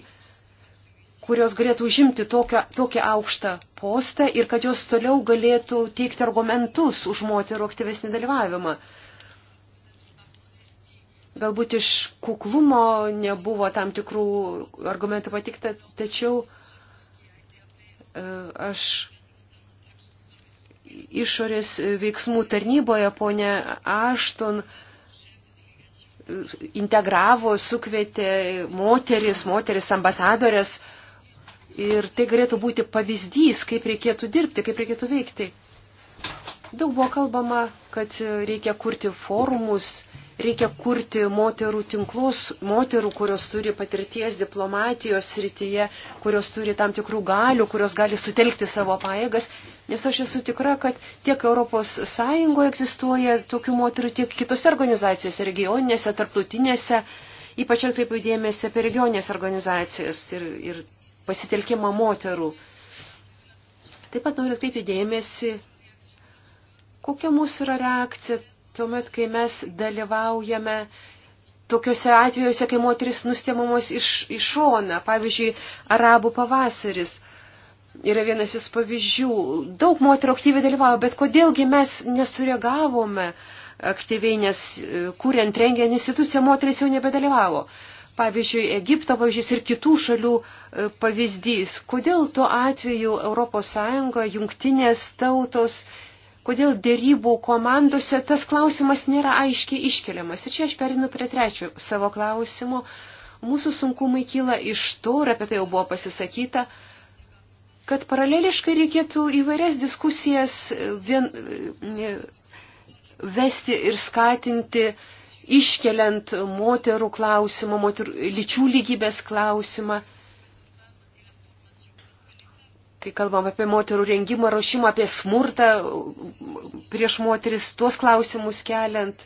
kurios galėtų užimti tokią, tokią aukštą postą ir kad jos toliau galėtų teikti argumentus už moterų aktyvesnį dalyvavimą galbūt iš kuklumo nebuvo tam tikrų argumentų patikta, tačiau e, aš išorės veiksmų tarnyboje ponė Ašton e, integravo, sukvietė moteris, moteris ambasadorės ir tai galėtų būti pavyzdys, kaip reikėtų dirbti, kaip reikėtų veikti. Daug buvo kalbama, kad reikia kurti forumus, Reikia kurti moterų tinklus, moterų, kurios turi patirties diplomatijos srityje, kurios turi tam tikrų galių, kurios gali sutelkti savo paėgas, nes aš esu tikra, kad tiek ES egzistuoja tokių moterų, tiek kitose organizacijose, regioninėse, tarptautinėse, ypač atkreipiu dėmesį apie regioninės organizacijas ir, ir pasitelkimą moterų. Taip pat noriu atkreipti dėmesį, kokia mūsų yra reakcija tuomet, kai mes dalyvaujame tokiuose atvejuose, kai moteris nustemamos iš, iš šona, pavyzdžiui, arabų pavasaris. Yra vienas iš pavyzdžių. Daug moterų aktyviai dalyvavo, bet kodėlgi mes nesureagavome aktyviai, nes e, kuriant rengiant instituciją moteris jau nebedalyvavo. Pavyzdžiui, Egipto pavyzdys ir kitų šalių e, pavyzdys. Kodėl tuo atveju ES, jungtinės tautos kodėl dėrybų komandose tas klausimas nėra aiškiai iškeliamas. Ir čia aš perinu prie trečio savo klausimo. Mūsų sunkumai kyla iš to, ir apie tai jau buvo pasisakyta, kad paraleliškai reikėtų įvairias diskusijas e, vien, e, vesti ir skatinti, iškeliant moterų klausimą, moterų, lyčių lygybės klausimą kai kalbam apie moterų rengimą, ruošimą, apie smurtą prieš moteris, tuos klausimus keliant.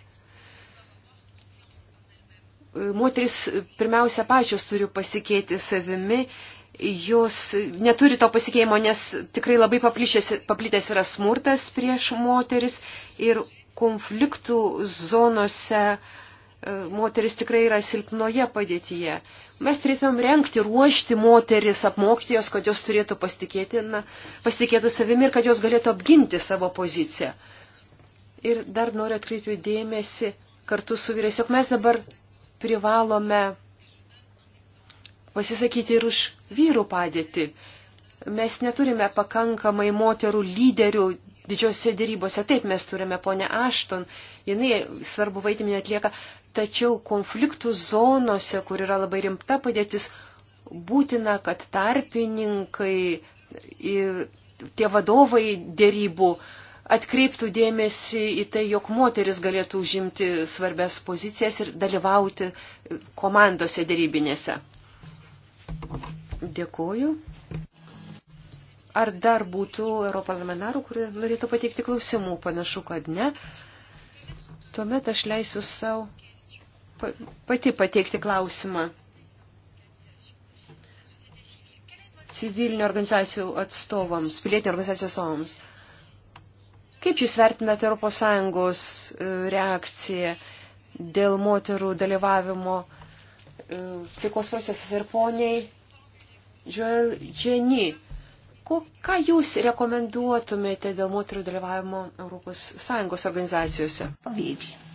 Moteris pirmiausia pačios turi pasikeiti savimi, jos neturi to pasikeimo, nes tikrai labai paplitęs yra smurtas prieš moteris ir konfliktų zonose e, moteris tikrai yra silpnoje padėtyje. Mes turėtumėm renkti, ruošti moteris, apmokti jos, kad jos turėtų pasitikėti, na, pasitikėtų savimi ir kad jos galėtų apginti savo poziciją. Ir dar noriu atkreipti dėmesį kartu su vyrais, jog mes dabar privalome pasisakyti ir už vyrų padėtį. Mes neturime pakankamai moterų lyderių didžiosiuose dėrybose. Taip mes turime ponę Ašton, jinai svarbu vaidmenį atlieka, Tačiau konfliktų zonose, kur yra labai rimta padėtis, būtina, kad tarpininkai, tie vadovai dėrybų atkreiptų dėmesį į tai, jog moteris galėtų užimti svarbias pozicijas ir dalyvauti komandose dėrybinėse. Dėkuoju. Ar dar būtų europarlamentarų, kurie norėtų pateikti klausimų? Panašu, kad ne. Tuomet aš leisiu savo pati pateikti klausimą civilinių organizacijų atstovams, pilietinių organizacijų atstovams. Kaip Jūs vertinate ES e, reakciją dėl moterų dalyvavimo e, taikos procesas ir poniai Joel Jenny? Ko, ką Jūs rekomenduotumėte dėl moterų dalyvavimo ES organizacijose? Pavyzdžiui.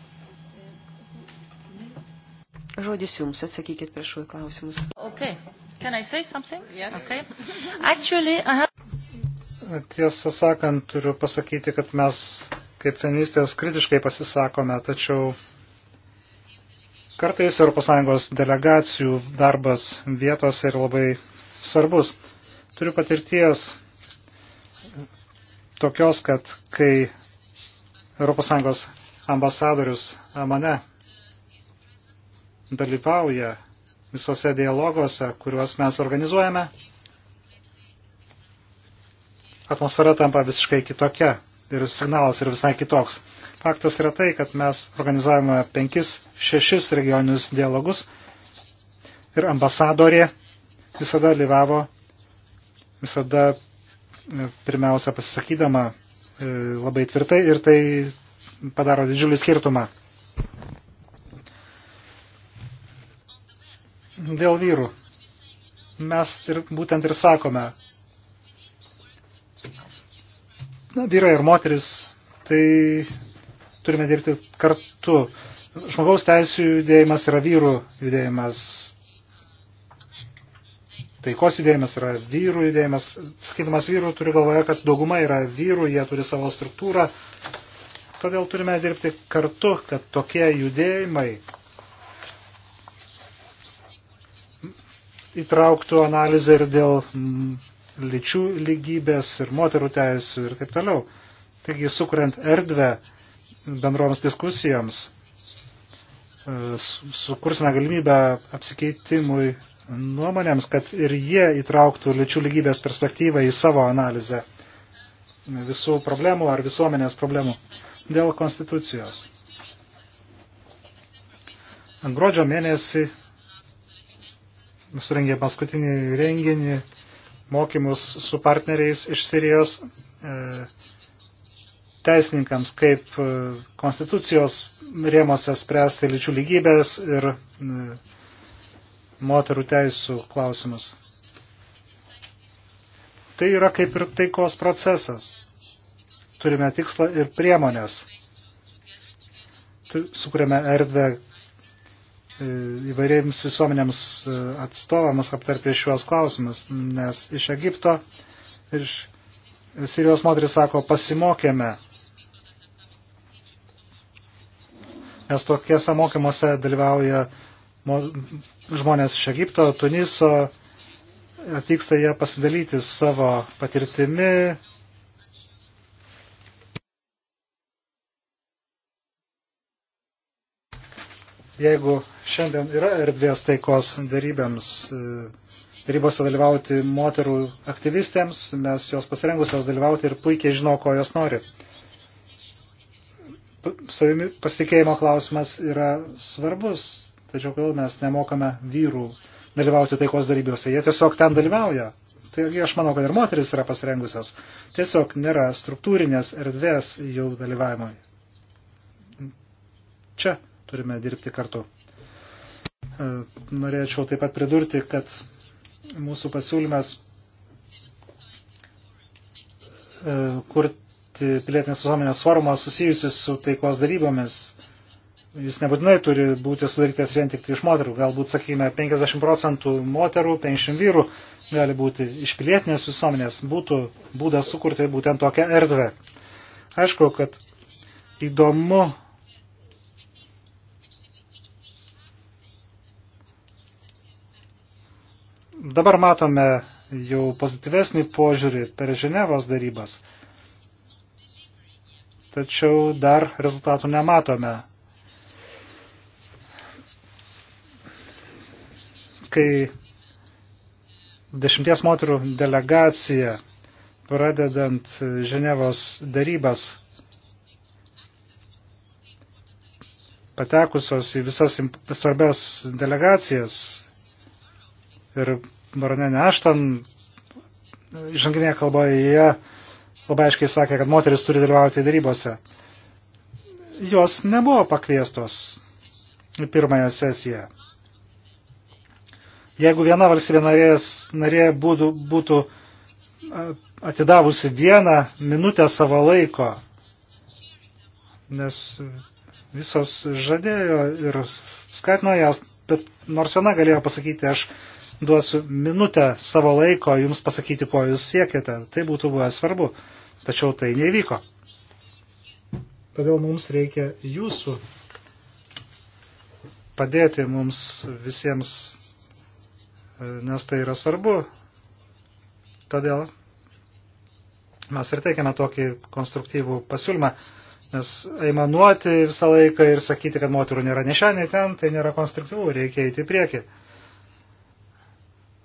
Žodis jums, atsakykit prašau į klausimus. Okay. Can I say something? Yes. Okay. Actually, I uh-huh. have... Tiesą sakant, turiu pasakyti, kad mes kaip feministės kritiškai pasisakome, tačiau kartais ES delegacijų darbas vietose yra labai svarbus. Turiu patirties tokios, kad kai ES ambasadorius mane dalyvauja visose dialoguose, kuriuos mes organizuojame, atmosfera tampa visiškai kitokia ir signalas yra visai kitoks. Faktas yra tai, kad mes organizavome penkis, šešis regioninius dialogus ir ambasadorė visada dalyvavo, visada e, pirmiausia pasisakydama e, labai tvirtai ir tai padaro didžiulį skirtumą. dėl vyrų. Mes ir, būtent ir sakome, na, vyrai ir moteris, tai turime dirbti kartu. Žmogaus teisų judėjimas yra vyrų judėjimas. Taikos judėjimas yra vyrų judėjimas. Skaidamas vyrų turi galvoje, kad dauguma yra vyrų, jie turi savo struktūrą. Todėl turime dirbti kartu, kad tokie judėjimai įtrauktų analizę ir dėl mm, lyčių lygybės ir moterų teisų ir taip toliau. Taigi, sukuriant erdvę bendroms diskusijoms, e, sukursime galimybę apsikeitimui nuomonėms, kad ir jie įtrauktų lyčių lygybės perspektyvą į savo analizę visų problemų ar visuomenės problemų dėl konstitucijos. Gruodžio mėnesį surengė paskutinį renginį, mokymus su partneriais iš Sirijos e, teisininkams, kaip e, konstitucijos rėmose spręsti lyčių lygybės ir e, moterų teisų klausimus. Tai yra kaip ir taikos procesas. Turime tikslą ir priemonės. Sukūrėme erdvę E, įvairiems visuomenėms e, atstovams aptarti šiuos klausimus, nes iš Egipto ir iš Sirijos moteris sako, pasimokėme, nes tokiuose mokymuose dalyvauja žmonės iš Egipto, Tuniso, atvyksta jie pasidalyti savo patirtimi, Jeigu šiandien yra erdvės taikos darybėms, e, darybose dalyvauti moterų aktyvistėms, mes jos pasirengusios dalyvauti ir puikiai žino, ko jos nori. Savimi pasitikėjimo klausimas yra svarbus, tačiau kodėl mes nemokame vyrų dalyvauti taikos darybėse. Jie tiesiog ten dalyvauja. Taigi aš manau, kad ir moteris yra pasirengusios. Tiesiog nėra struktūrinės erdvės jų dalyvavimui. Čia turime dirbti kartu. E, norėčiau taip pat pridurti, kad mūsų pasiūlymas e, kurti pilietinės visuomenės formą susijusi su taikos darybomis. Jis nebūtinai turi būti sudarytas vien tik tai iš moterų. Galbūt, sakykime, 50 procentų moterų, 50 vyrų gali būti iš pilietinės visuomenės. Būtų būdas sukurti būtent tokią erdvę. Aišku, kad įdomu dabar matome jau pozityvesnį požiūrį per Ženevos darybas, tačiau dar rezultatų nematome. Kai dešimties moterų delegacija pradedant Ženevos darybas patekusios į visas svarbias delegacijas Ir baronenė Ašton žanginėje kalboje labai aiškiai sakė, kad moteris turi dalyvauti darybose. Jos nebuvo pakviestos į pirmąją sesiją. Jeigu viena valstybė narės, narė būtų, būtų atidavusi vieną minutę savo laiko, nes visos žadėjo ir skatino jas, bet nors viena galėjo pasakyti, aš duosiu minutę savo laiko jums pasakyti, ko jūs siekiate. Tai būtų buvę svarbu, tačiau tai nevyko. Todėl mums reikia jūsų padėti mums visiems, e, nes tai yra svarbu. Todėl mes ir teikiame tokį konstruktyvų pasiūlymą, nes aimanuoti visą laiką ir sakyti, kad moterų nėra nešeniai ten, tai nėra konstruktyvų, reikia eiti į priekį.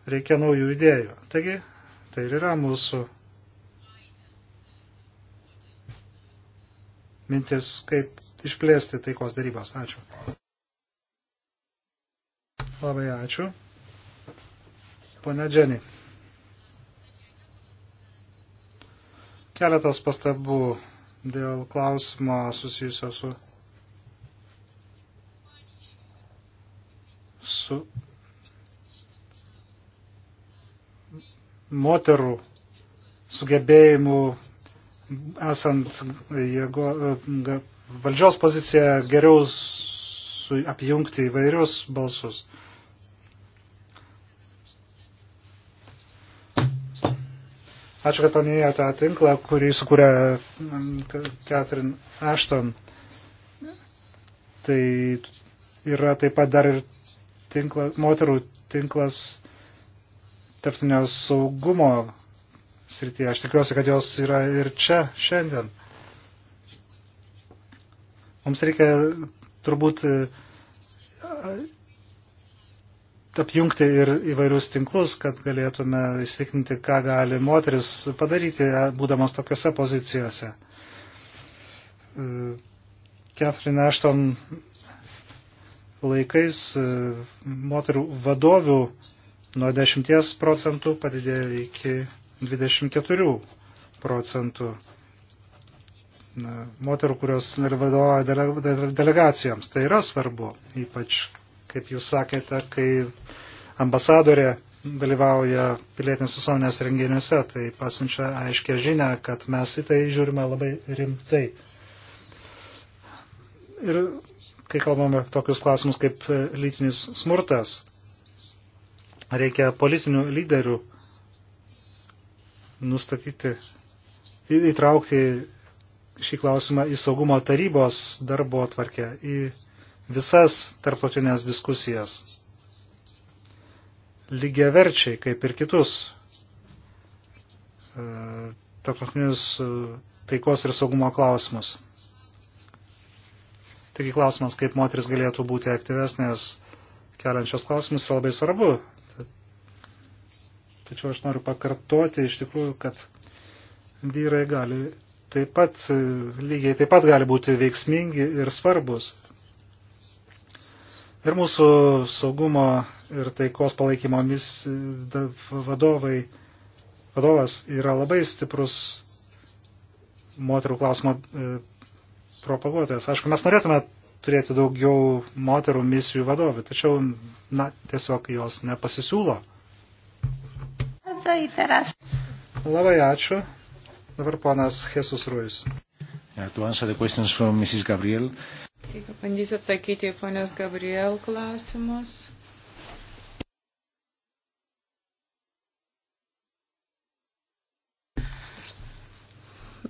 Reikia naujų idėjų. Taigi, tai ir yra mūsų mintis, kaip išplėsti taikos darybas. Ačiū. Labai ačiū. Pone Dženi. Keletas pastabų dėl klausimo susijusio su, su moterų sugebėjimų esant jėgo, valdžios poziciją geriau su, apjungti įvairius balsus. Ačiū, kad paminėjote tą tinklą, kurį sukūrė Catherine Ashton. Tai yra taip pat dar ir tinkla, moterų tinklas tarptinio saugumo srityje. Aš tikiuosi, kad jos yra ir čia šiandien. Mums reikia turbūt e, apjungti ir įvairius tinklus, kad galėtume įsitikinti, ką gali moteris padaryti, e, būdamas tokiuose pozicijose. E, Catherine Ashton laikais moterų vadovių nuo 10 procentų padidėjo iki 24 procentų moterų, kurios vadovauja delegacijoms. Tai yra svarbu, ypač, kaip jūs sakėte, kai ambasadorė dalyvauja pilietinės visuomenės renginiuose, tai pasinčia aiškia žinia, kad mes į tai žiūrime labai rimtai. Ir kai kalbame tokius klausimus kaip lytinis smurtas, Reikia politinių lyderių nustatyti, įtraukti šį klausimą į saugumo tarybos darbo atvarkę, į visas tarptautinės diskusijas. Lygiaverčiai, kaip ir kitus e, tarptautinius e, taikos ir saugumo klausimus. Taigi klausimas, kaip moteris galėtų būti aktyvesnės keliančios klausimus, yra labai svarbu. Tačiau aš noriu pakartoti iš tikrųjų, kad vyrai gali taip pat, lygiai taip pat gali būti veiksmingi ir svarbus. Ir mūsų saugumo ir taikos palaikymo vadovai, vadovas yra labai stiprus moterų klausimo e, propaguotojas. Aišku, mes norėtume turėti daugiau moterų misijų vadovų, tačiau na, tiesiog jos nepasisiūlo. Labai ačiū. Dabar ponas Jesus Ruijus. Taigi, bandysiu atsakyti į ponios Gabriel klausimus.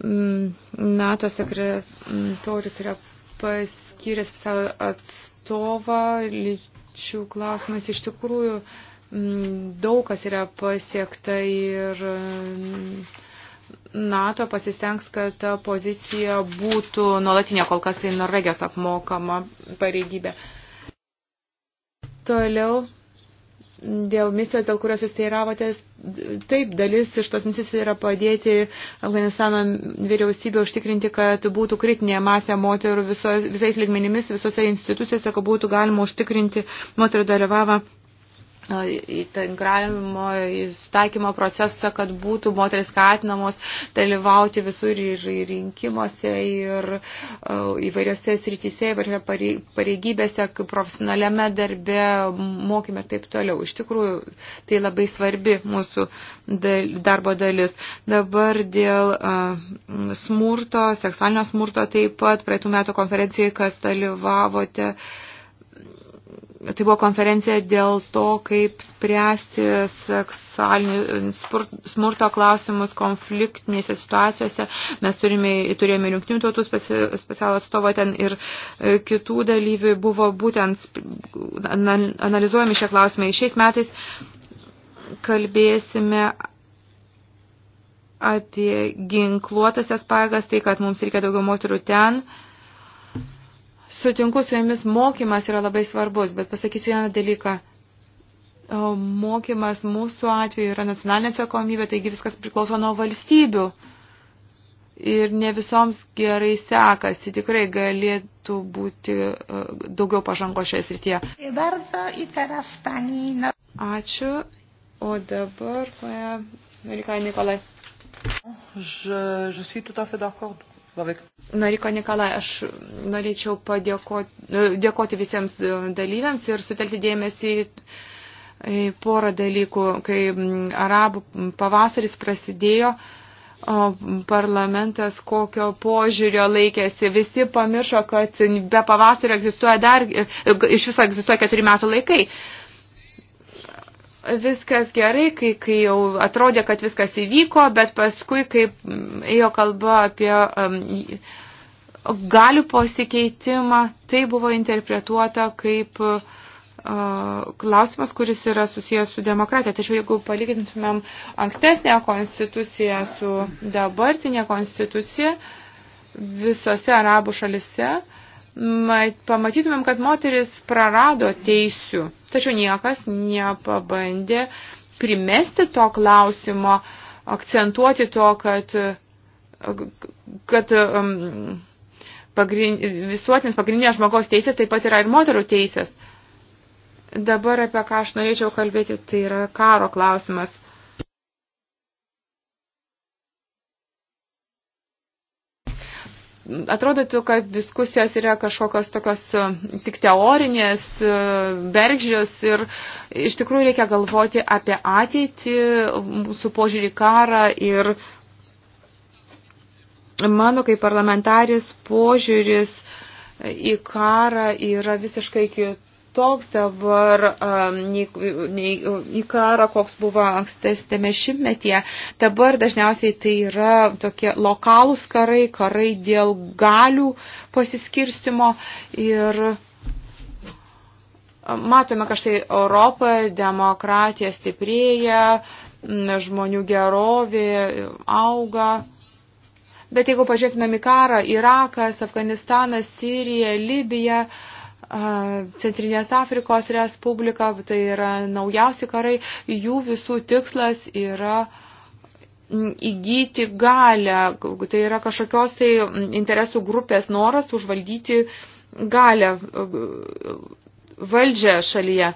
Mm, NATO sekretorius yra paskyręs visą atstovą lyčių klausimais. Iš tikrųjų, uh, daug kas yra pasiekta ir NATO pasistengs, kad ta pozicija būtų nuolatinė, kol kas tai Norvegijos apmokama pareigybė. Toliau dėl misijos, dėl kurios jūs teiravotės, taip, dalis iš tos misijos yra padėti Afganistano vyriausybė užtikrinti, kad būtų kritinė masė moterų visos, visais ligmenimis, visose institucijose, kad būtų galima užtikrinti moterų dalyvavimą įtankravimo, įstaikymo procesą, kad būtų moteris skatinamos dalyvauti visur ir rinkimuose, ir e, įvairiose srityse, įvairiose pareigybėse, profesionaliame darbe, mokyme ir taip toliau. Iš tikrųjų, tai labai svarbi mūsų darbo dalis. Dabar dėl e, smurto, seksualinio smurto taip pat, praeitų metų konferencijai, kas dalyvavote. Tai Tai buvo konferencija dėl to, kaip spręsti seksualinių smurto klausimus konfliktinėse situacijose. Mes turime, turėjome jungtinių tautų specialų atstovą ten ir e, kitų dalyvių buvo būtent analizuojami šie klausimai. Šiais metais kalbėsime apie ginkluotasias pagas, tai kad mums reikia daugiau moterų ten. Uh, Sutinku su jumis, mokymas yra labai svarbus, bet pasakysiu vieną dalyką. Mokymas mūsų atveju yra nacionalinė atsakomybė, taigi viskas priklauso nuo valstybių. Ir ne visoms gerai sekasi, tikrai galėtų būti e, daugiau pažango šioje srityje. Ačiū. O dabar, poja Amerikai Nikolai. Je, je suis tout à fait d'accord Labai. Noriko Nikolai, aš norėčiau padėkoti e, visiems e, dalyviams ir sutelkti dėmesį į porą dalykų. Kai arabų pavasaris prasidėjo, O parlamentas kokio požiūrio laikėsi. Visi pamiršo, kad be pavasario egzistuoja dar, e, iš viso egzistuoja keturi metų laikai viskas gerai, kai, kai jau atrodė, kad viskas įvyko, bet paskui, kai ėjo kalba apie um, galių pasikeitimą, tai buvo interpretuota kaip uh, klausimas, kuris yra susijęs su demokratija. Tačiau jeigu palygintumėm ankstesnę konstituciją su dabartinė konstitucija visose arabų šalise, uh, pamatytumėm, kad moteris prarado teisių, tačiau niekas nepabandė primesti to klausimo, akcentuoti to, kad, kad um, pagrind, visuotinis pagrindinės žmogaus teisės taip pat yra ir moterų teisės. Dabar apie ką aš norėčiau kalbėti, tai yra karo klausimas. Atrodytų, kad diskusijos yra kažkokios tokios e, tik teorinės, e, bergžios ir iš tikrųjų reikia galvoti apie ateitį, mūsų požiūrį karą ir mano kaip parlamentaris požiūris į karą yra visiškai kitas toks dabar um, nei, nei, į karą, koks buvo ankstesnėme šimtmetyje. Dabar dažniausiai tai yra tokie lokalūs karai, karai dėl galių pasiskirstimo ir um, matome, kad štai Europoje demokratija stiprėja, mm, žmonių gerovė auga. Bet jeigu pažiūrėtumėm į karą, Irakas, Afganistanas, Sirija, Libija, uh, Centrinės Afrikos Respublika, tai yra naujausi karai, jų visų tikslas yra įgyti galę, tai yra kažkokios tai interesų grupės noras užvaldyti galę valdžią šalyje.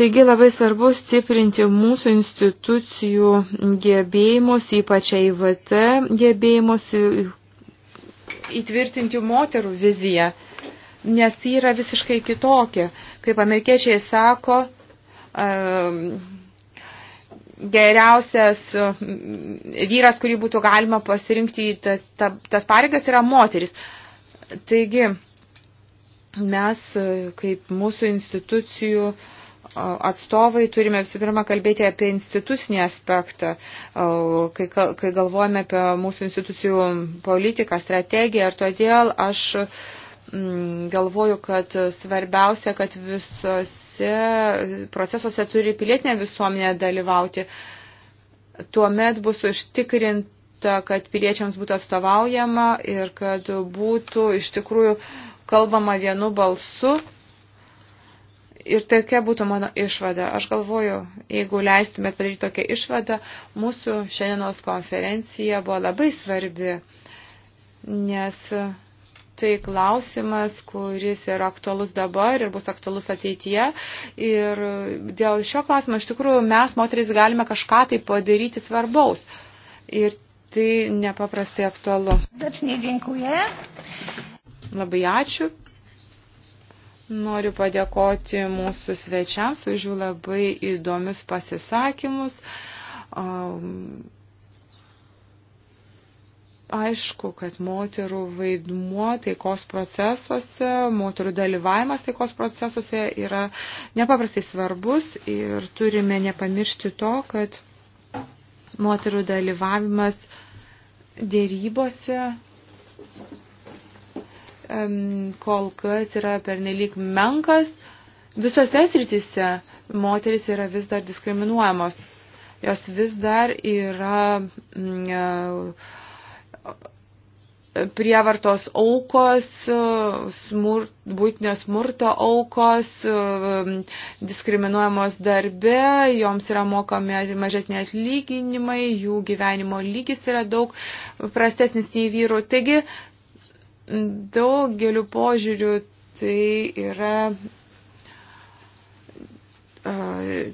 Taigi labai svarbu stiprinti mūsų institucijų gebėjimus, ypač EIVT gebėjimus, įtvirtinti moterų viziją nes ji yra visiškai kitokia. Kaip amerikiečiai sako, geriausias vyras, kurį būtų galima pasirinkti tas, ta, tas pareigas, yra moteris. Taigi, mes kaip mūsų institucijų atstovai turime visų pirma kalbėti apie institucinį aspektą, kai, kai galvojame apie mūsų institucijų politiką, strategiją ir todėl aš uh, Mm, galvoju, kad svarbiausia, kad visose procesuose turi pilietinė visuomenė dalyvauti. Tuomet bus užtikrinta, kad piliečiams būtų atstovaujama ir kad būtų iš tikrųjų kalbama vienu balsu. Ir tokia būtų mano išvada. Aš galvoju, jeigu leistumėt padaryti tokią išvadą, mūsų šiandienos konferencija buvo labai svarbi, nes tai klausimas, kuris yra aktualus dabar ir bus aktualus ateityje. Ir dėl šio klausimo iš tikrųjų mes, moteris, galime kažką tai padaryti svarbaus. Ir tai nepaprastai aktualu. Dačnai dėkuoju. Labai ačiū. Noriu padėkoti mūsų svečiams už jų labai įdomius pasisakymus. Um, aišku, kad moterų vaidmuo taikos procesuose, moterų dalyvavimas taikos procesuose yra nepaprastai svarbus ir turime nepamiršti to, kad moterų dalyvavimas dėrybose kol kas yra pernelyg menkas. Visose sritise moteris yra vis dar diskriminuojamos. Jos vis dar yra. Mm, prievartos aukos, smur, būtinio smurto aukos, diskriminuojamos darbe, joms yra mokami mažesni atlyginimai, jų gyvenimo lygis yra daug prastesnis nei vyrų. Taigi, daugeliu požiūrių tai yra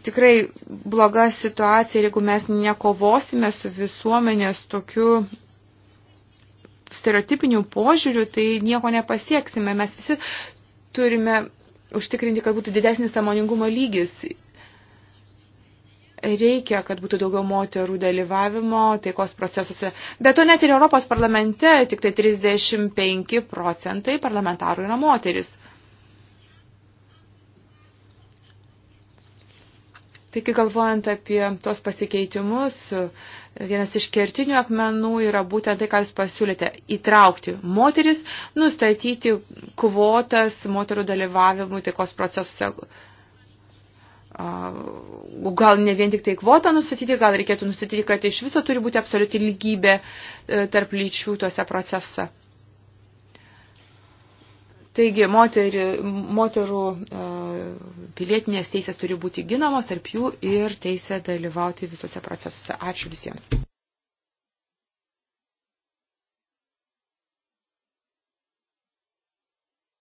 tikrai bloga situacija ir jeigu mes nekovosime su visuomenės tokiu stereotipinių požiūrių, tai nieko nepasieksime. Mes visi turime užtikrinti, kad būtų didesnis samoningumo lygis. Reikia, kad būtų daugiau moterų dalyvavimo taikos procesuose. Bet to net ir Europos parlamente tik tai 35 procentai parlamentarų yra moteris. Taigi galvojant apie tos pasikeitimus, vienas iš kertinių akmenų yra būtent tai, ką jūs pasiūlėte - įtraukti moteris, nustatyti kvotas moterų dalyvavimui taikos procesuose. Gal ne vien tik tai kvotą nustatyti, gal reikėtų nustatyti, kad iš viso turi būti absoliuti lygybė e, tarp lyčių tuose procesuose. Taigi, moteri, moterų e, pilietinės teisės turi būti ginamos, tarp jų ir teisė dalyvauti visose procesuose. Ačiū visiems.